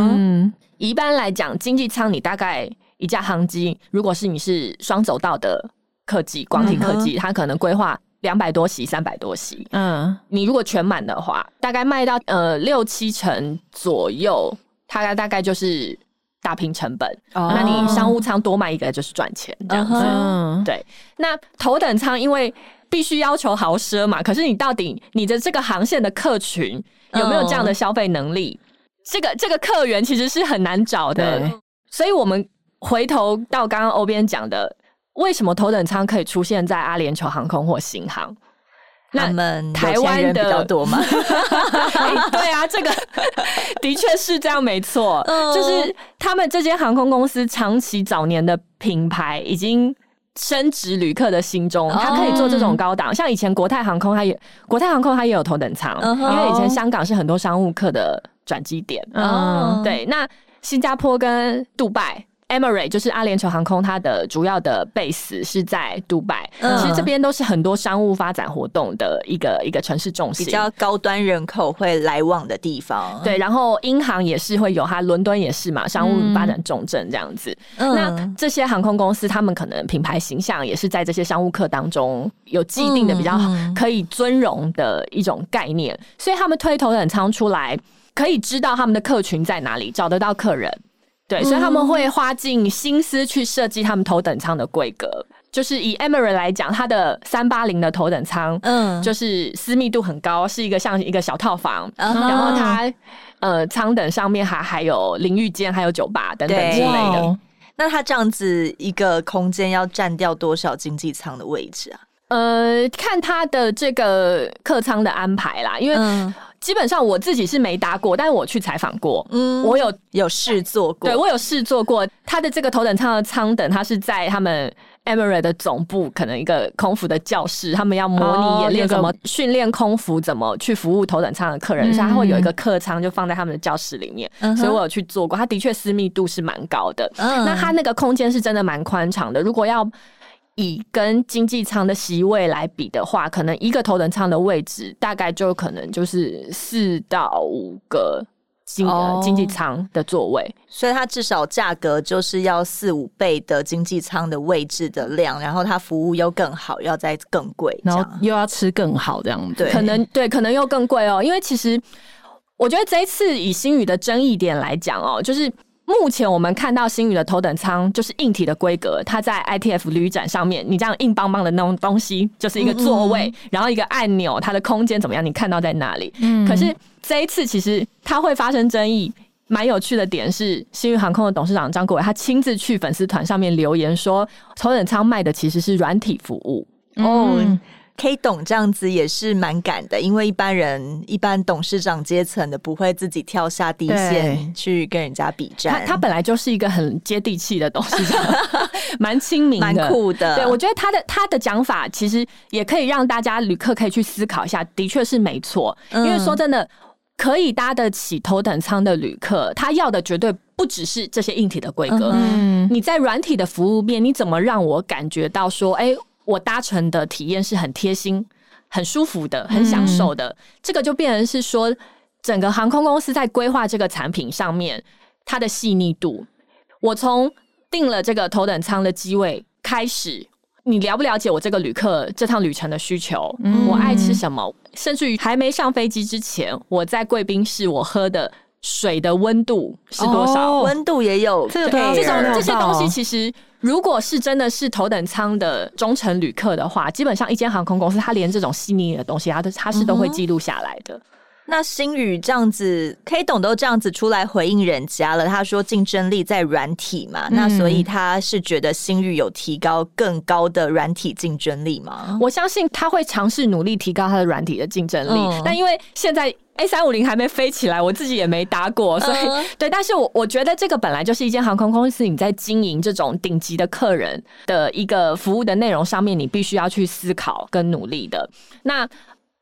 哼，一般來講經濟艙你大概。一架航機，如果是你是雙走道的客機、廣體客機，uh -huh. 它可能規劃兩百多席、三百多席。嗯、uh -huh.，你如果全滿的話，大概賣到呃六七成左右，它大概就是打平成本。Uh -huh. 那你商務艙多賣一個就是賺錢，這樣子。Uh -huh. 對，那頭等艙因為必須要求豪奢嘛，可是你到底你的這個航線的客群有沒有這樣的消費能力？Uh -huh. 這個這個客源其實是很難找的，uh -huh. 所以我們。回頭到剛剛歐邊講的，為什麼頭等艙可以出現在阿聯酋航空或新航？那台灣人比較多嘛 [laughs] [laughs] 欸？對啊，這個的確是這樣沒錯，沒錯，就是他們這間航空公司長期早年的品牌已經深植旅客的心中，它可以做這種高檔。Oh. 像以前國泰航空，它也國泰航空它也有頭等艙，oh. 因為以前香港是很多商務客的轉機點啊。Oh. 對，那新加坡跟杜拜。Emirates 就是阿聯酋航空，它的主要的 base 是在 Dubai。嗯，其實這邊都是很多商務發展活動的一個一個城市重心，比較高端人口會來往的地方。對，然後英航也是會有哈，它倫敦也是嘛，商務發展重鎮這樣子。嗯、那、嗯、這些航空公司，他們可能品牌形象也是在這些商務客當中有既定的、嗯、比較可以尊榮的一種概念，所以他們推頭等艙出來，可以知道他們的客群在哪裡，找得到客人。對，所以他們會花盡心思去設計他們頭等艙的規格、嗯。就是以 Emirates 來講，它的三八零的頭等艙，嗯，就是私密度很高，是一個像一個小套房。嗯、然後它呃，艙等上面還還有淋浴間，還有酒吧等等之類的、哦。那它這樣子一個空間要占掉多少經濟艙的位置啊？呃，看它的這個客艙的安排啦，因為。嗯基本上我自己是沒搭過，但我去採訪過、嗯，我有有試坐過，對，對我有試坐過。他的這個頭等艙的艙等，他是在他們 Emirates 的總部，可能一個空服的教室，他們要模擬演練什麼，訓練空服怎麼去服務頭等艙的客人，嗯、所以他會有一個客艙就放在他們的教室裡面，嗯、所以我有去坐過，他的確私密度是蠻高的。嗯、那他那個空間是真的蠻寬敞的，如果要。以跟經濟艙的席位來比的話，可能一個頭等艙的位置大概就可能就是四到五個經經濟艙的座位，oh. 所以它至少價格就是要四五倍的經濟艙的位置的量，然後它服務又更好，要再更貴，然後又要吃更好這樣對，可能對，可能又更貴哦，因為其實我覺得這一次以星宇的爭議點來講哦，就是。目前我們看到星宇的頭等艙就是硬體的規格，它在 ITF 旅展上面，你這樣硬邦邦的那種東西就是一個座位，嗯、然後一個按鈕，它的空間怎麼樣？你看到在哪裡、嗯？可是這一次其實它會發生爭議，蠻有趣的點是，星宇航空的董事長張國煒他親自去粉絲團上面留言說，頭等艙賣的其實是軟體服務、嗯、哦。嗯 K 董這樣子也是蠻敢的，因為一般人，一般董事長階層的不會自己跳下底線去跟人家筆戰。他他本來就是一個很接地氣的董事長，蠻親民、蠻 [laughs] [laughs] 酷的。對，我覺得他的他的講法其實也可以讓大家、旅客可以去思考一下，的確是沒錯、嗯。因為說真的，可以搭得起頭等艙的旅客，他要的絕對不只是這些硬體的規格。嗯，你在軟體的服務面，你怎麼讓我感覺到說，哎、欸？我搭乘的體驗是很貼心、很舒服的、很享受的。嗯、這個就變成是說，整個航空公司在規劃這個產品上面，它的細膩度。我從訂了這個頭等艙的機位開始，你了不了解我這個旅客這趟旅程的需求？嗯、我愛吃什麼？甚至於還沒上飛機之前，我在貴賓室我喝的水的溫度是多少？哦、溫度也有。對，這種這些東西其實。如果是真的是頭等艙的忠誠旅客的話，基本上一間航空公司，他連這種細膩的東西它、他都他是都會記錄下來的。嗯那星宇這樣子 K 董懂得都這樣子出來回應人家了。他說競爭力在軟體嘛、嗯，那所以他是覺得星宇有提高更高的軟體競爭力嗎？我相信他會嘗試努力提高他的軟體的競爭力、嗯。但因為現在 A 三五零還沒飛起來，我自己也沒搭過，所以、嗯、對。但是我我覺得這個本來就是一間航空公司，你在經營這種頂級的客人的一個服務的內容上面，你必須要去思考跟努力的。那。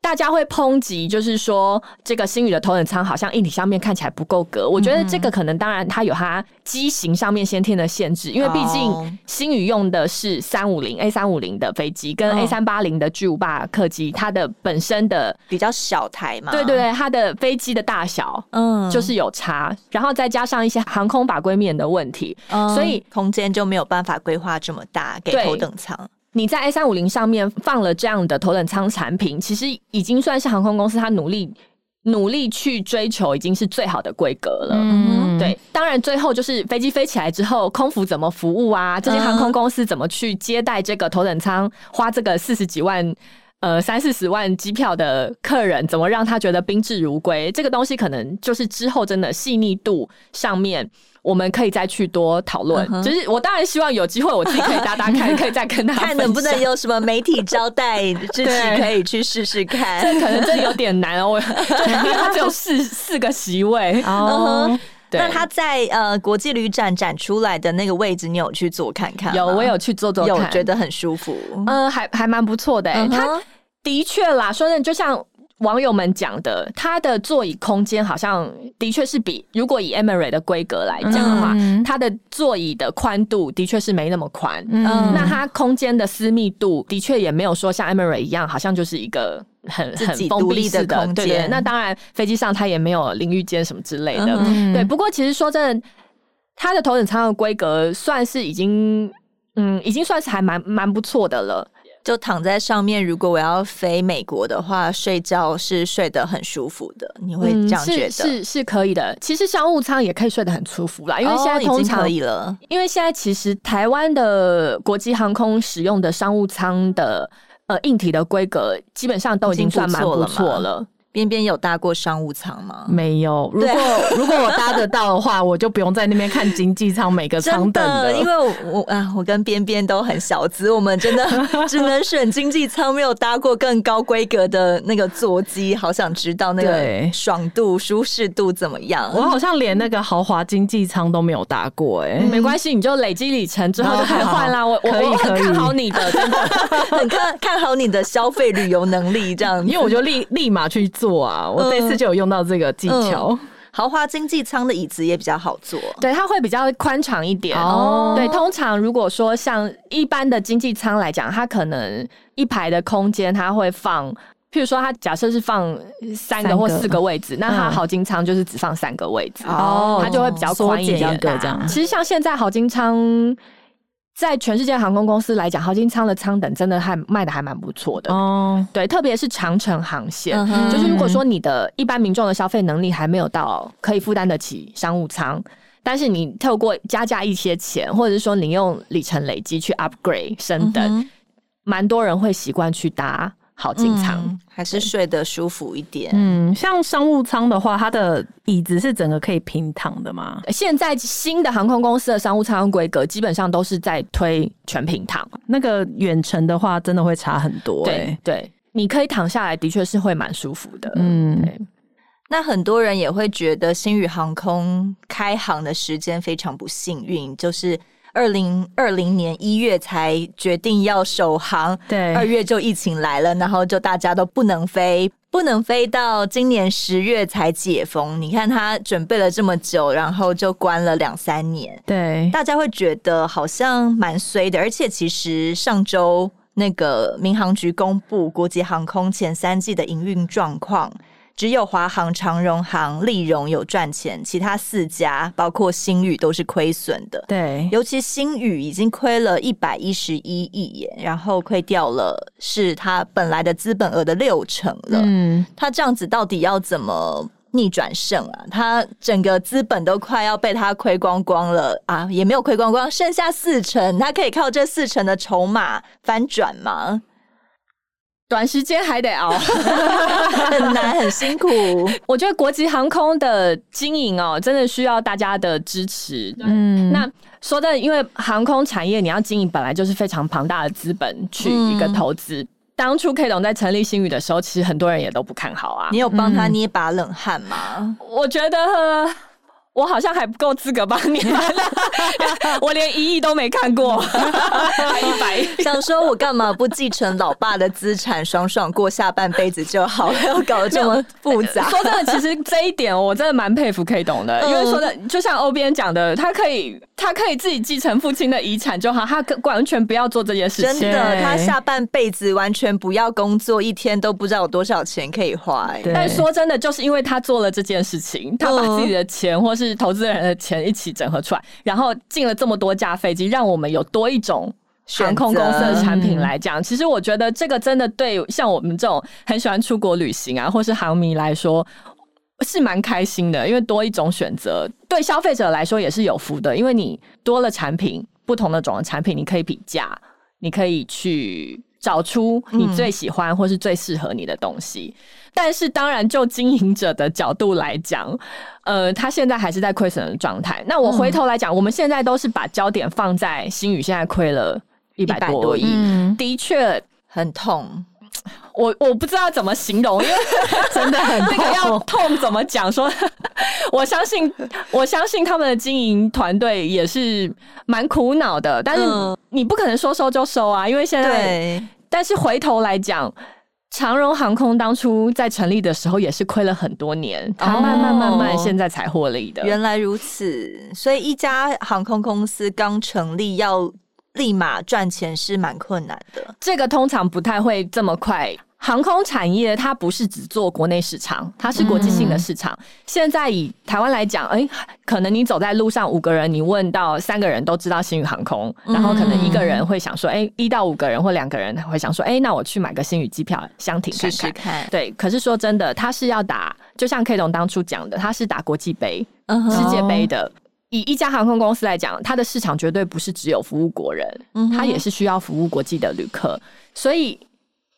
大家會抨擊，就是說這個星宇的頭等艙好像硬體上面看起來不夠格。我覺得這個可能，當然它有它機型上面先天的限制，因為畢竟星宇用的是三五零 A 三五零的飛機，跟 A 三八零的巨無霸客機，它的本身的比較小台嘛。對對對，它的飛機的大小，嗯，就是有差。然後再加上一些航空法規面的問題，所以，嗯，空間就沒有辦法規劃這麼大給頭等艙。你在 A 三五零上面放了這樣的頭等艙產品，其實已經算是航空公司它努力努力去追求，已經是最好的規格了。嗯、mm -hmm.，對。當然，最後就是飛機飛起來之後，空服怎麼服務啊？這些航空公司怎麼去接待這個頭等艙，uh -huh. 花這個四十幾萬、呃三四十萬機票的客人，怎麼讓他覺得賓至如歸？這個東西可能就是之後真的細膩度上面。我們可以再去多討論，uh -huh. 就是我當然希望有機會，我自己可以搭搭看， [laughs] 可以再跟他看能不能有什麼媒體招待，之 [laughs] 前可以去試試看。這可能這有點難哦，因為他只有 [laughs] [laughs] 四 [laughs] 四個席位哦。Uh -huh. 對，那他在呃國際旅展展出來的那個位置，你有去坐看看？有，我有去坐坐看。有覺得很舒服。嗯、呃，還還蠻不錯的，uh -huh. 他的確啦，說的就像。網友們講的，它的座椅空間好像的確是比如果以 Emery 的規格來講的話，它、嗯、的座椅的寬度的確是沒那麼寬。嗯，那它空間的私密度的確也沒有說像 Emery 一樣，好像就是一個很很封閉的、的空間。對，對對，那當然飛機上它也沒有淋浴間什麼之類的、嗯。對，不過其實說真的，它的頭等艙的規格算是已經，嗯，已經算是還蠻蠻不錯的了。就躺在上面，如果我要飛美國的話，睡覺是睡得很舒服的。你會這樣覺得？嗯、是是，是可以的。其實商務艙也可以睡得很舒服啦，因為現在通常、哦、已經可以了。因為現在其實台灣的國際航空使用的商務艙的呃硬體的規格，基本上都已經算蠻不錯了。邊邊有搭過商務艙嗎？沒有。如果、啊、如果我搭得到的話， [laughs] 我就不用在那邊看經濟艙每個艙等了的。因為我我啊，我跟邊邊都很小資，我們真的只能選經濟艙，沒有搭過更高規格的那個座機。好想知道那個爽度、舒適度怎麼樣？我好像連那個豪華經濟艙都沒有搭過、欸，哎、嗯，沒關係，你就累積里程之後就可以換啦。我我。我 [laughs] 你的真的很看看好你的消費旅遊能力這樣子， [laughs] 因為我就立立馬去做啊，我這次就有用到這個技巧。嗯嗯、豪華經濟艙的椅子也比較好坐，對，它會比較寬敞一點、哦。對，通常如果說像一般的經濟艙來講，它可能一排的空間它會放，譬如說它假設是放三個或四個位置，嗯、那它豪經艙就是只放三個位置，哦，它就會比較寬一點對，這樣。其實像現在豪經艙。在全世界航空公司來講，豪經艙的艙等真的還賣得還蠻不錯的。哦、oh.，對，特別是長程航線，uh -huh. 就是如果說你的一般民眾的消費能力還沒有到可以負擔得起商務艙，但是你透過加價一些錢，或者是說你用里程累積去 upgrade 升等，uh -huh. 蠻多人會習慣去搭。好，經濟艙，嗯，還是睡得舒服一點。嗯，像商務艙的話，它的椅子是整個可以平躺的嗎？現在新的航空公司的商務艙規格基本上都是在推全平躺。那個遠程的話，真的會差很多。對對，你可以躺下來，的確是會蠻舒服的。嗯，那很多人也會覺得星宇航空開航的時間非常不幸運，就是。二零二零年一月才決定要首航，對，二月就疫情來了，然後就大家都不能飛，不能飛到今年十月才解封。你看他準備了這麼久，然後就關了兩三年，對，大家會覺得好像蠻衰的。而且其實上週那個民航局公布國際航空前三季的營運狀況。只有華航、長榮航、立榮有賺錢，其他四家包括星宇都是虧損的。對，尤其星宇已經虧了一百一十一億，然後虧掉了是他本來的資本額的六成了。嗯，他這樣子到底要怎麼逆轉勝啊？他整個資本都快要被他虧光光了啊，也沒有虧光光，剩下四成，他可以靠這四成的籌碼翻轉嗎？短時間還得熬， [laughs] 很難，很辛苦。 [laughs] 我覺得國際航空的經營哦、喔，真的需要大家的支持。嗯，那說到因為航空產業，你要經營本來就是非常龐大的資本去一個投資、嗯。當初 K 董在成立星宇的時候，其實很多人也都不看好啊。你有幫他捏把冷汗嗎？嗯、我覺得。呃我好像還不夠資格幫你， [laughs] [laughs] 我連一億都沒看過，還一百億？ [laughs] 想說我幹嘛不繼承老爸的資產，爽爽過下半輩子就好了，搞得這麼複雜。說真的，其實這一點我真的蠻佩服可以懂的，因為說的就像喔編講的，他可以。他可以自己繼承父親的遺產就好，他可完全不要做這件事情。真的，他下半輩子完全不要工作，一天都不知道有多少錢可以花。對，但說真的，就是因為他做了這件事情，他把自己的錢或是投資人的錢一起整合出來，uh -huh. 然後進了這麼多架飛機，讓我們有多一種航空公司的產品來講。其實我覺得這個真的對像我們這種很喜歡出國旅行啊，或是航迷來說，是蠻開心的，因為多一種選擇，對消費者來說也是有福的，因為你多了產品，不同的種的產品，你可以比價，你可以去找出你最喜歡或是最適合你的東西。嗯、但是，當然就經營者的角度來講，呃，他現在還是在虧損的狀態。那我回頭來講、嗯，我們現在都是把焦點放在星宇現在虧了一百多億、嗯，的確很痛。我我不知道怎麼形容，因為 [laughs] [laughs] 真的很痛 [laughs] 那個空，痛怎麼講？說我相信，我相信他們的經營團隊也是蠻苦惱的。但是你不可能說收就收啊，因為現在……但是回頭來講，長榮航空當初在成立的時候也是虧了很多年，它、oh, 慢慢慢慢現在才獲利的。原來如此，所以一家航空公司剛成立要立馬賺錢是蠻困難的，這個通常不太會這麼快。航空產業它不是只做國內市場，它是國際性的市場。嗯、現在以台灣來講，哎、欸，可能你走在路上五個人，你問到三個人都知道星宇航空，然後可能一個人會想說，哎、欸，一到五個人或兩個人會想說，哎、欸，那我去買個星宇機票，相挺看看，試試看。對，可是說真的，他是要打，就像 K 董當初講的，他是打國際盃、uh -huh. 世界杯的。Oh. 以一家航空公司來講，它的市場絕對不是只有服務國人，嗯、它也是需要服務國際的旅客。所以，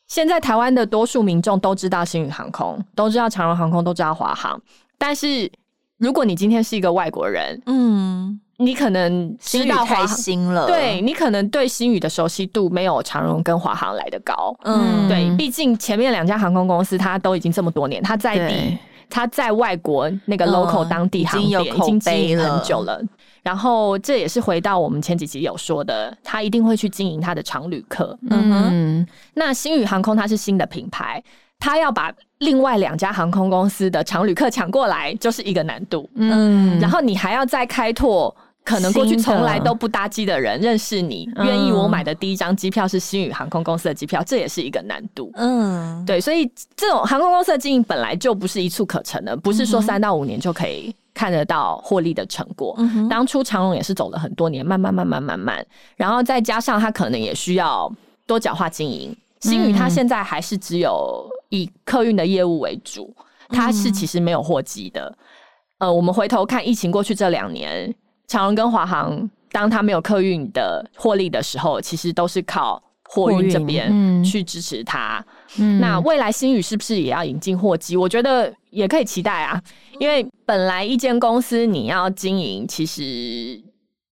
現在台灣的多數民眾都知道星宇航空，都知道長榮航空，都知道華航。但是，如果你今天是一個外國人，嗯，你可能知道太新了，對，你可能對星宇的熟悉度沒有長榮跟華航來得高。嗯，對，畢竟前面兩家航空公司它都已經這麼多年，它在地。他在外國那個 local，oh，當地航點已經經營很久了，嗯，然後這也是回到我們前幾集有說的，他一定會去經營他的常旅客。嗯哼，嗯，那星宇航空它是新的品牌，他要把另外兩家航空公司的常旅客搶過來，就是一個難度。嗯，然後你還要再開拓。可能過去從來都不搭機的人認識你，願、嗯、意我買的第一張機票是星宇航空公司的機票，這也是一個難度。嗯，對，所以這種航空公司的經營本來就不是一蹴可成的，不是說三到五年就可以看得到獲利的成果。嗯、當初長榮也是走了很多年，慢慢慢慢慢慢，然後再加上它可能也需要多角化經營。星宇它現在還是只有以客運的業務為主，它、嗯、是其實沒有貨機的。呃，我們回頭看疫情過去這兩年。長榮跟華航，當他沒有客運的獲利的時候，其實都是靠貨運這邊去支持它。嗯。那未來星宇是不是也要引進貨機？我覺得也可以期待啊。因為本來一間公司你要經營，其實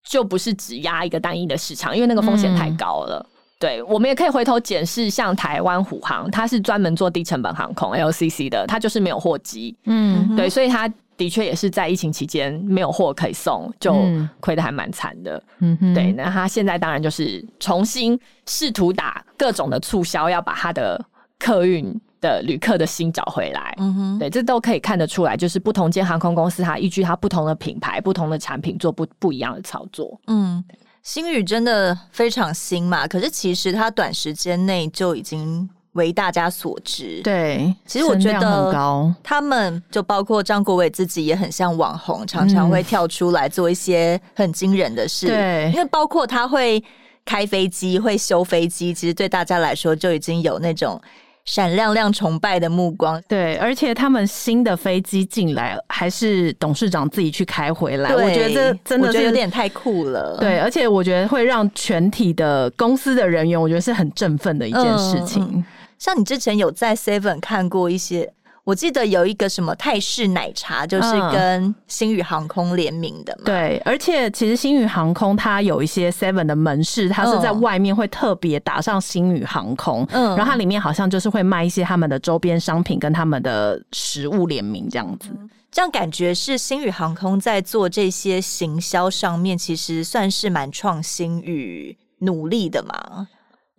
就不是只押一個單一的市場，因為那個風險太高了。嗯、對，我們也可以回頭檢視，像台灣虎航，它是專門做低成本航空 LCC 的，它就是沒有貨機。嗯，對，所以它。的確也是在疫情期間沒有貨可以送，就虧的還蠻慘的。嗯對嗯，那他現在當然就是重新試圖打各種的促銷，要把他的客運的旅客的心找回來。嗯哼，對，這都可以看得出來，就是不同間航空公司，它依據它不同的品牌、不同的產品做不不一樣的操作。嗯，星宇真的非常新嘛，可是其實他短時間內就已經。為大家所知，對，其實我覺得他們就包括張國煒自己也很像網紅、嗯，常常會跳出來做一些很驚人的事。對，因為包括他會開飛機，會修飛機，其實對大家來說就已經有那種閃亮亮崇拜的目光。對，而且他們新的飛機進來，還是董事長自己去開回來，我覺得這真的我覺得有點太酷了。對，而且我覺得會讓全體的公司的人員，我覺得是很振奮的一件事情。嗯嗯像你之前有在 Seven 看過一些，我記得有一個什麼泰式奶茶，就是跟星宇航空聯名的嘛。嗯，對，而且其實星宇航空它有一些 Seven 的門市，它是在外面會特別打上星宇航空，嗯，然後它裡面好像就是會賣一些他們的周邊商品跟他們的食物聯名這樣子。嗯，這樣感覺是星宇航空在做這些行銷上面，其實算是蠻創新與努力的嘛。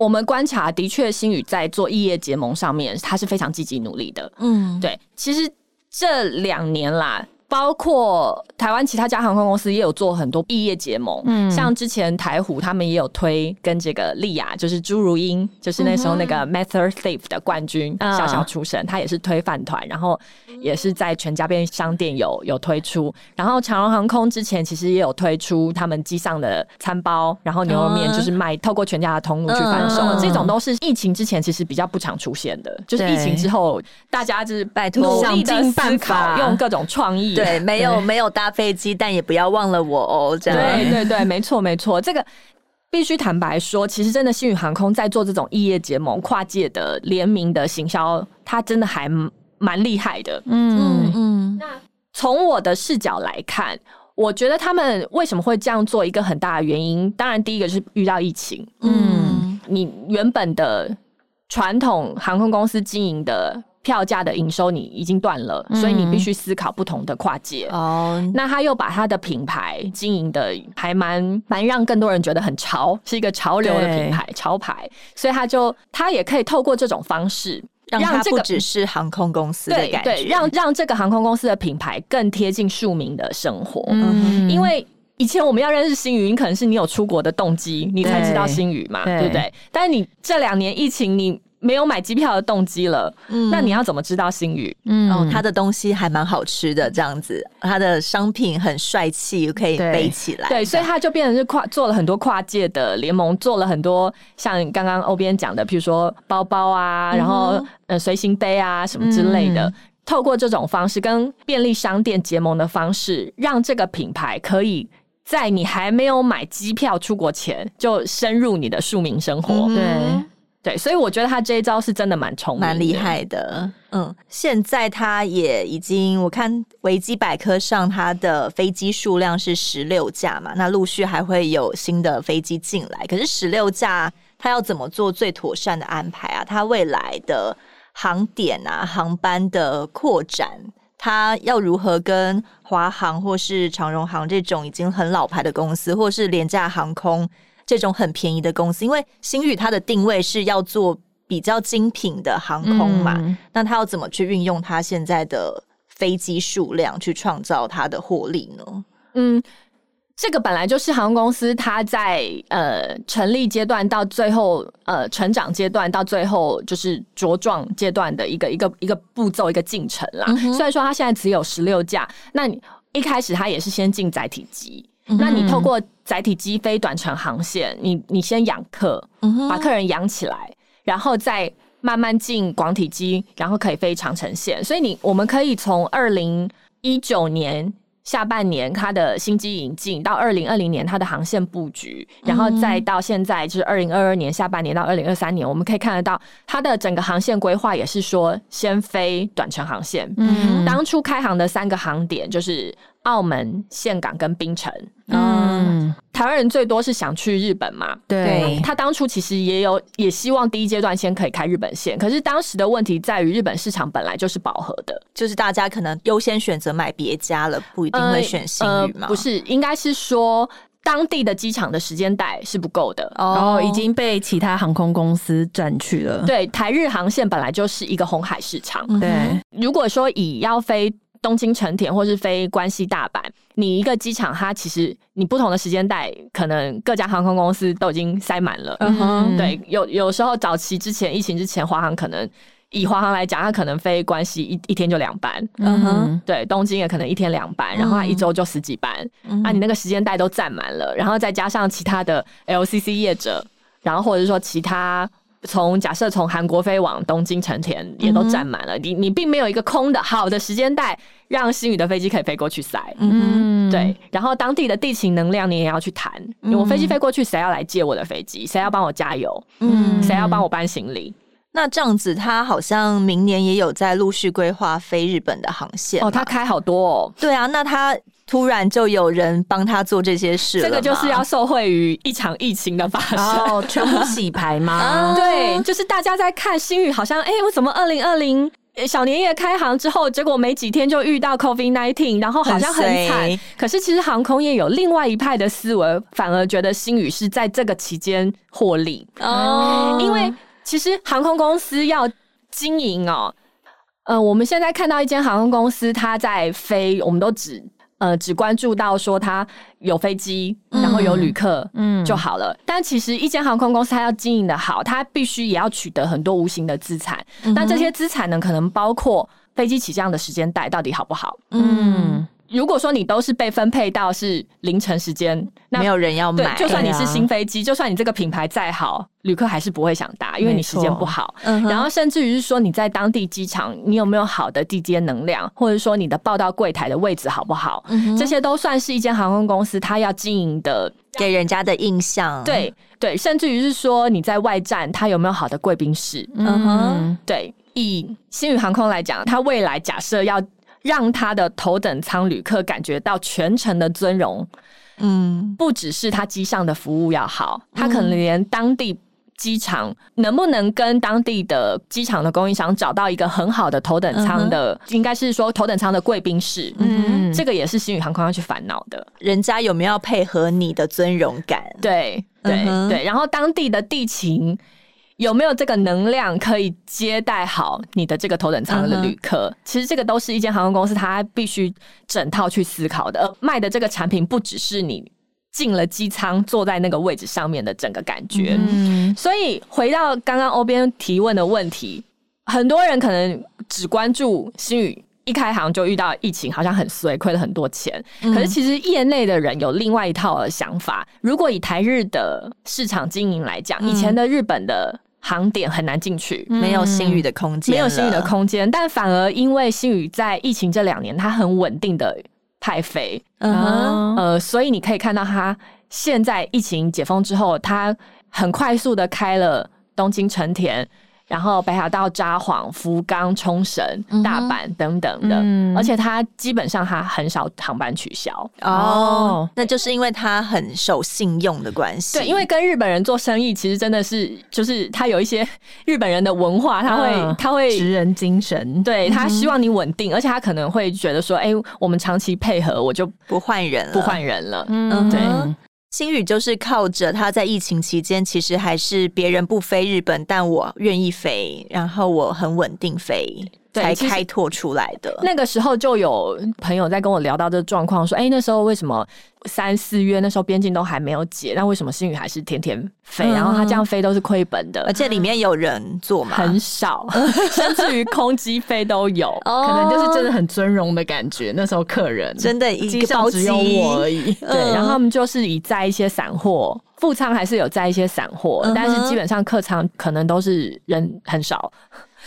我們觀察，的確，星宇在做異業結盟上面，他是非常積極努力的。嗯，對，其實這兩年啦。包括台灣其他家航空公司也有做很多異業結盟，嗯，像之前台虎他們也有推跟這個麗亞，就是朱如茵，就是那時候那個 MasterChef 的冠軍、嗯、小小廚神，他也是推飯糰，然後也是在全家便利商店有有推出，然後長榮航空之前其實也有推出他們機上的餐包，然後牛肉麵就是賣透過全家的通路去販售、嗯。這種都是疫情之前其實比較不常出現的，就是疫情之後大家就是拜託想盡辦法用各種創意、嗯。對，沒有沒有搭飛機，但也不要忘了我哦。這樣，對對對，沒錯沒錯，這個必須坦白說，其實真的，星宇航空在做這種異業結盟、跨界的聯名的行銷，它真的還蠻厲害的。嗯嗯，那從我的視角來看，我覺得他們為什麼會這樣做一個很大的原因，當然第一個是遇到疫情。嗯，你原本的傳統航空公司經營的。票價的營收你已經斷了，所以你必須思考不同的跨界、嗯。哦，那他又把他的品牌經營的還蠻蠻讓更多人覺得很潮，是一個潮流的品牌潮牌，所以他就他也可以透過這種方式讓、這個，讓他不只是航空公司的感覺，對對讓讓這個航空公司的品牌更貼近庶民的生活。嗯，因為以前我們要認識星宇，你可能是你有出國的動機，你才知道星宇嘛，對不對，對？但是你這兩年疫情，你，沒有買機票的動機了，嗯、那你要怎麼知道星宇？嗯、哦，他的東西還蠻好吃的，這樣子，他的商品很帥氣，可以背起來對。對，所以他就變成是跨做了很多跨界的聯盟，做了很多像剛剛喔編講的，比如說包包啊，嗯、然後呃隨行杯啊什麼之類的，嗯，透過這種方式跟便利商店結盟的方式，讓這個品牌可以在你還沒有買機票出國前就深入你的庶民生活。嗯、對。對，所以我覺得他這一招是真的蠻聰明的，蠻厲害的。嗯，現在他也已經，我看維基百科上他的飛機數量是十六架嘛，那陸續還會有新的飛機進來。可是十六架，他要怎麼做最妥善的安排啊？他未來的航點啊，航班的擴展，他要如何跟華航或是長榮航這種已經很老牌的公司，或是廉價航空？這種很便宜的公司，因為星宇它的定位是要做比較精品的航空嘛，嗯、那它要怎麼去運用它現在的飛機數量去創造它的獲利呢？嗯，這個本來就是航空公司它在呃成立階段到最後呃成長階段到最後就是茁壯階段的一個一個一個步驟一個進程啦。雖、嗯、然說它現在只有十六架，那你一開始它也是先進載體機。那你透過窄體機飛短程航線，嗯、你你先養客、嗯，把客人養起來，然後再慢慢進廣體機，然後可以飛長程線。所以你我們可以從二零一九年下半年它的新機引進到二零二零年它的航線佈局，然後再到現在就是二零二二年下半年到二零二三年，我們可以看得到它的整個航線規劃也是說先飛短程航線。嗯，當初開航的三個航點就是。澳門、香港跟檳城，嗯，台灣人最多是想去日本嘛？對，他當初其實也有也希望第一階段先可以開日本線，可是當時的問題在於日本市場本來就是飽和的，就是大家可能優先選擇買別家了，不一定會選星宇嘛、呃呃？不是，應該是說當地的機場的時間帶是不夠的，哦、然後已經被其他航空公司占去了。對，台日航線本來就是一個紅海市場。嗯、對，如果說以要飛。東京成田或是飛關西大阪，你一個機場，它其實你不同的時間帶，可能各家航空公司都已經塞滿了。嗯哼，對，有有時候早期之前疫情之前，華航可能以華航來講，它可能飛關西一一天就兩班。嗯哼，對，東京也可能一天兩班，uh -huh. 然後它一周就十幾班。Uh -huh. 啊，你那個時間帶都占滿了，然後再加上其他的 LCC 業者，然後或者是說其他。從假設從韓國飛往東京成田也都佔滿了，mm -hmm. 你你並沒有一個空的好的時間帶，讓星宇的飛機可以飛過去塞。嗯、mm -hmm.，對。然後當地的地勤能量你也要去談，我、mm -hmm. 飛機飛過去，誰要來借我的飛機？誰要幫我加油？嗯，誰要幫我搬行李？那這樣子，他好像明年也有在陸續規劃飛日本的航線。哦，他開好多哦。對啊，那他。突然就有人幫他做這些事了，這個就是要受惠於一場疫情的發生，哦，全部洗牌嗎？ [laughs] oh. 對，就是大家在看星宇，好像哎、欸，我怎麼二零二零小年夜開航之後，結果沒幾天就遇到 COVID nineteen，然後好像很慘。很可是其實航空業有另外一派的思維，反而覺得星宇是在這個期間獲利哦，oh. 因為其實航空公司要經營哦，嗯、呃，我們現在看到一間航空公司它在飛，我們都只。呃，只關注到說他有飛機，然後有旅客，嗯，就好了。嗯嗯、但其實，一間航空公司他要經營的好，他必須也要取得很多無形的資產。那、嗯、這些資產呢，可能包括飛機起降的時間帶到底好不好？嗯。嗯如果說你都是被分配到是凌晨時間，那沒有人要買。就算你是新飛機、啊，就算你這個品牌再好，旅客還是不會想搭，因為你時間不好。然後甚至於是說你在當地機場、嗯，你有沒有好的地接能量，或者說你的報到櫃檯的位置好不好，嗯、這些都算是一間航空公司它要經營的給人家的印象。對對，甚至於是說你在外站，它有沒有好的貴賓室？嗯哼，對。以星宇航空來講，它未來假設要。讓他的頭等艙旅客感覺到全程的尊榮，嗯，不只是他機上的服務要好、嗯，他可能連當地機場能不能跟當地的機場的供應商找到一個很好的頭等艙的，嗯、應該是說頭等艙的貴賓室，嗯，這個也是星宇航空要去煩惱的，人家有沒有配合你的尊榮感？對對、嗯、對，然後當地的地勤。有沒有這個能量可以接待好你的這個頭等艙的旅客？Uh -huh. 其實這個都是一間航空公司，它必須整套去思考的。賣的這個產品不只是你進了機艙坐在那個位置上面的整個感覺。所以回到剛剛喔編提問的問題，很多人可能只關注星宇一開行就遇到疫情，好像很衰，虧了很多錢。可是其實業內的人有另外一套的想法。如果以台日的市場經營來講，以前的日本的航點很難進去，沒有星宇的空間，嗯，沒有星宇的空間，但反而因為星宇在疫情這兩年，它很穩定的派飛，uh -huh. 呃，所以你可以看到它現在疫情解封之後，它很快速的開了東京成田。然後，北海道、札幌、福岡、沖繩、大阪等等的，而且他基本上他很少航班取消，嗯嗯、哦，那就是因為他很守信用的關係。對，因為跟日本人做生意，其實真的是就是他有一些日本人的文化，他會、嗯、他會職人精神，對他希望你穩定，嗯，而且他可能會覺得說，哎、欸，我們長期配合，我就不換人了，不換人了，嗯，對。星宇就是靠着他在疫情期間，其實還是別人不飛日本，但我願意飛，然後我很穩定飛。才開拓出來的那個時候，就有朋友在跟我聊到這個狀況，說：“哎、欸，那時候為什麼三四月那時候邊境都還沒有解，那為什麼星宇還是天天飛？嗯、然後他這樣飛都是虧本的，而且裡面有人坐嘛、嗯，很少， [laughs] 甚至於空機飛都有， [laughs] 可能就是真的很尊榮的感覺。那時候客人真的機上只有我而已，對，嗯、然後他們就是以載一些散貨，副艙還是有載一些散貨、嗯，但是基本上客艙可能都是人很少。”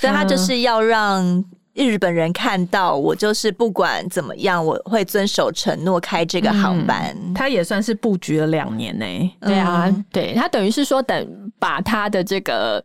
所以他就是要讓日本人看到，我就是不管怎麼樣，我會遵守承諾開這個航班。嗯。他也算是布局了兩年呢、欸嗯。對啊，對，他等於是說，等把他的這個。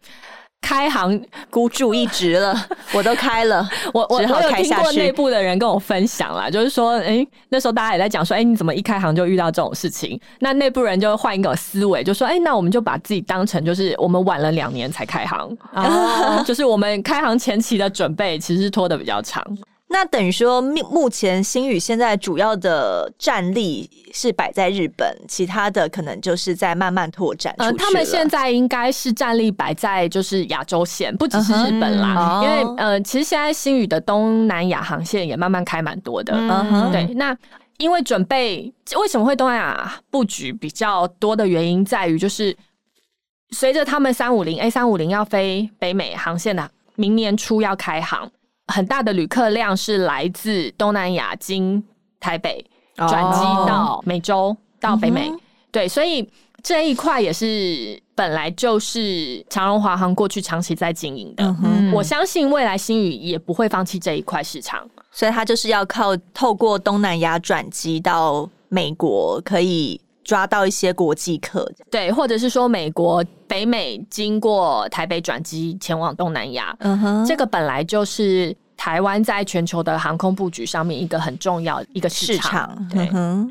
開行孤注一擲了， [laughs] 我都開了， [laughs] 我只好開下去。我我有聽過內部的人跟我分享啦，就是說，哎、欸，那時候大家也在講說，哎、欸，你怎麼一開行就遇到這種事情？那內部人就換一個思維，就說，哎、欸，那我們就把自己當成就是我們晚了兩年才開行啊， [laughs] uh, 就是我們開行前期的準備其實是拖得比較長。那等於說，目目前星宇現在主要的戰力是擺在日本，其他的可能就是在慢慢拓展。呃，他們現在應該是戰力擺在就是亞洲線，不只是日本啦。Uh -huh. 因為嗯、呃，其實現在星宇的東南亞航線也慢慢開蠻多的。嗯哼。對，那因為準備為什麼會東南亞佈局比較多的原因，在於就是隨着他們三五零 A 三五零要飛北美航線的，明年初要開航。很大的旅客量是來自東南亞經台北轉機、oh. 到美洲、oh. 到北美，mm -hmm. 對，所以這一塊也是本來就是長榮華航過去長期在經營的，mm -hmm. 我相信未來星宇也不會放棄這一塊市場，所以他就是要靠透過東南亞轉機到美國可以。抓到一些國際客，對，或者是說美國、北美經過台北轉機前往東南亞，嗯哼，這個本來就是台灣在全球的航空布局上面一個很重要一個市場，市場，對。Uh-huh.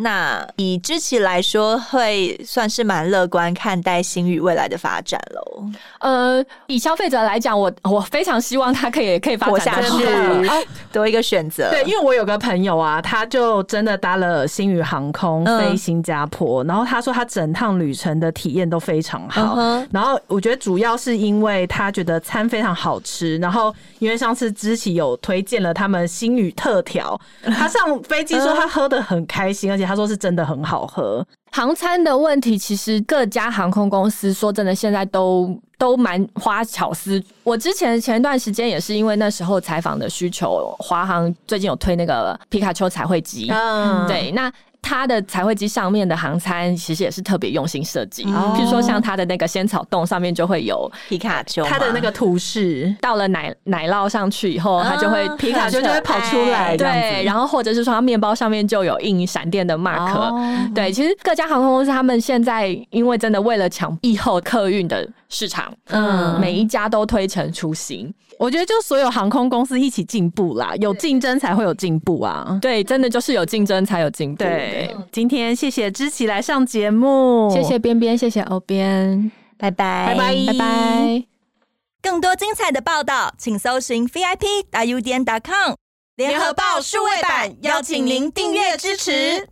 那以芝萁來說，會算是蠻樂觀看待星宇未來的發展嘍。呃，以消費者來講，我我非常希望他可以可以活下去，啊，多一個選擇。對，因為我有個朋友啊，他就真的搭了星宇航空，嗯、飛新加坡，然後他說他整趟旅程的體驗都非常好，嗯。然後我覺得主要是因為他覺得餐非常好吃，然後因為上次芝萁有推薦了他們星宇特調，嗯，他上飛機說他喝得很開心，嗯，而且。他說：“是真的很好喝。”航餐的問題，其實各家航空公司說真的，現在都都蠻花巧思。我之前前段時間也是因為那時候採訪的需求，華航最近有推那個皮卡丘彩繪機，嗯，對那。它的彩繪機上面的航餐其實也是特別用心設計，譬、嗯、如說像它的那個仙草洞上面就會有皮卡丘，它的那個圖示到了奶奶酪上去以後，它、嗯、就會皮卡丘就會跑出來、欸，對。然後或者是說，它麵包上面就有印閃電的 marker、嗯。對。其實各家航空公司他們現在因為真的為了搶疫後客運的市場，嗯，每一家都推陳出新。我覺得就所有航空公司一起進步啦，有競爭才會有進步啊對！對，真的就是有競爭才有進步對對對。對，今天謝謝芝萁來上節目，謝謝邊編，謝謝喔編，拜拜，拜拜，拜拜。更多精彩的報道，請搜尋 VIP 大 U 點 com 聯合報數位版，邀請您訂閱支持。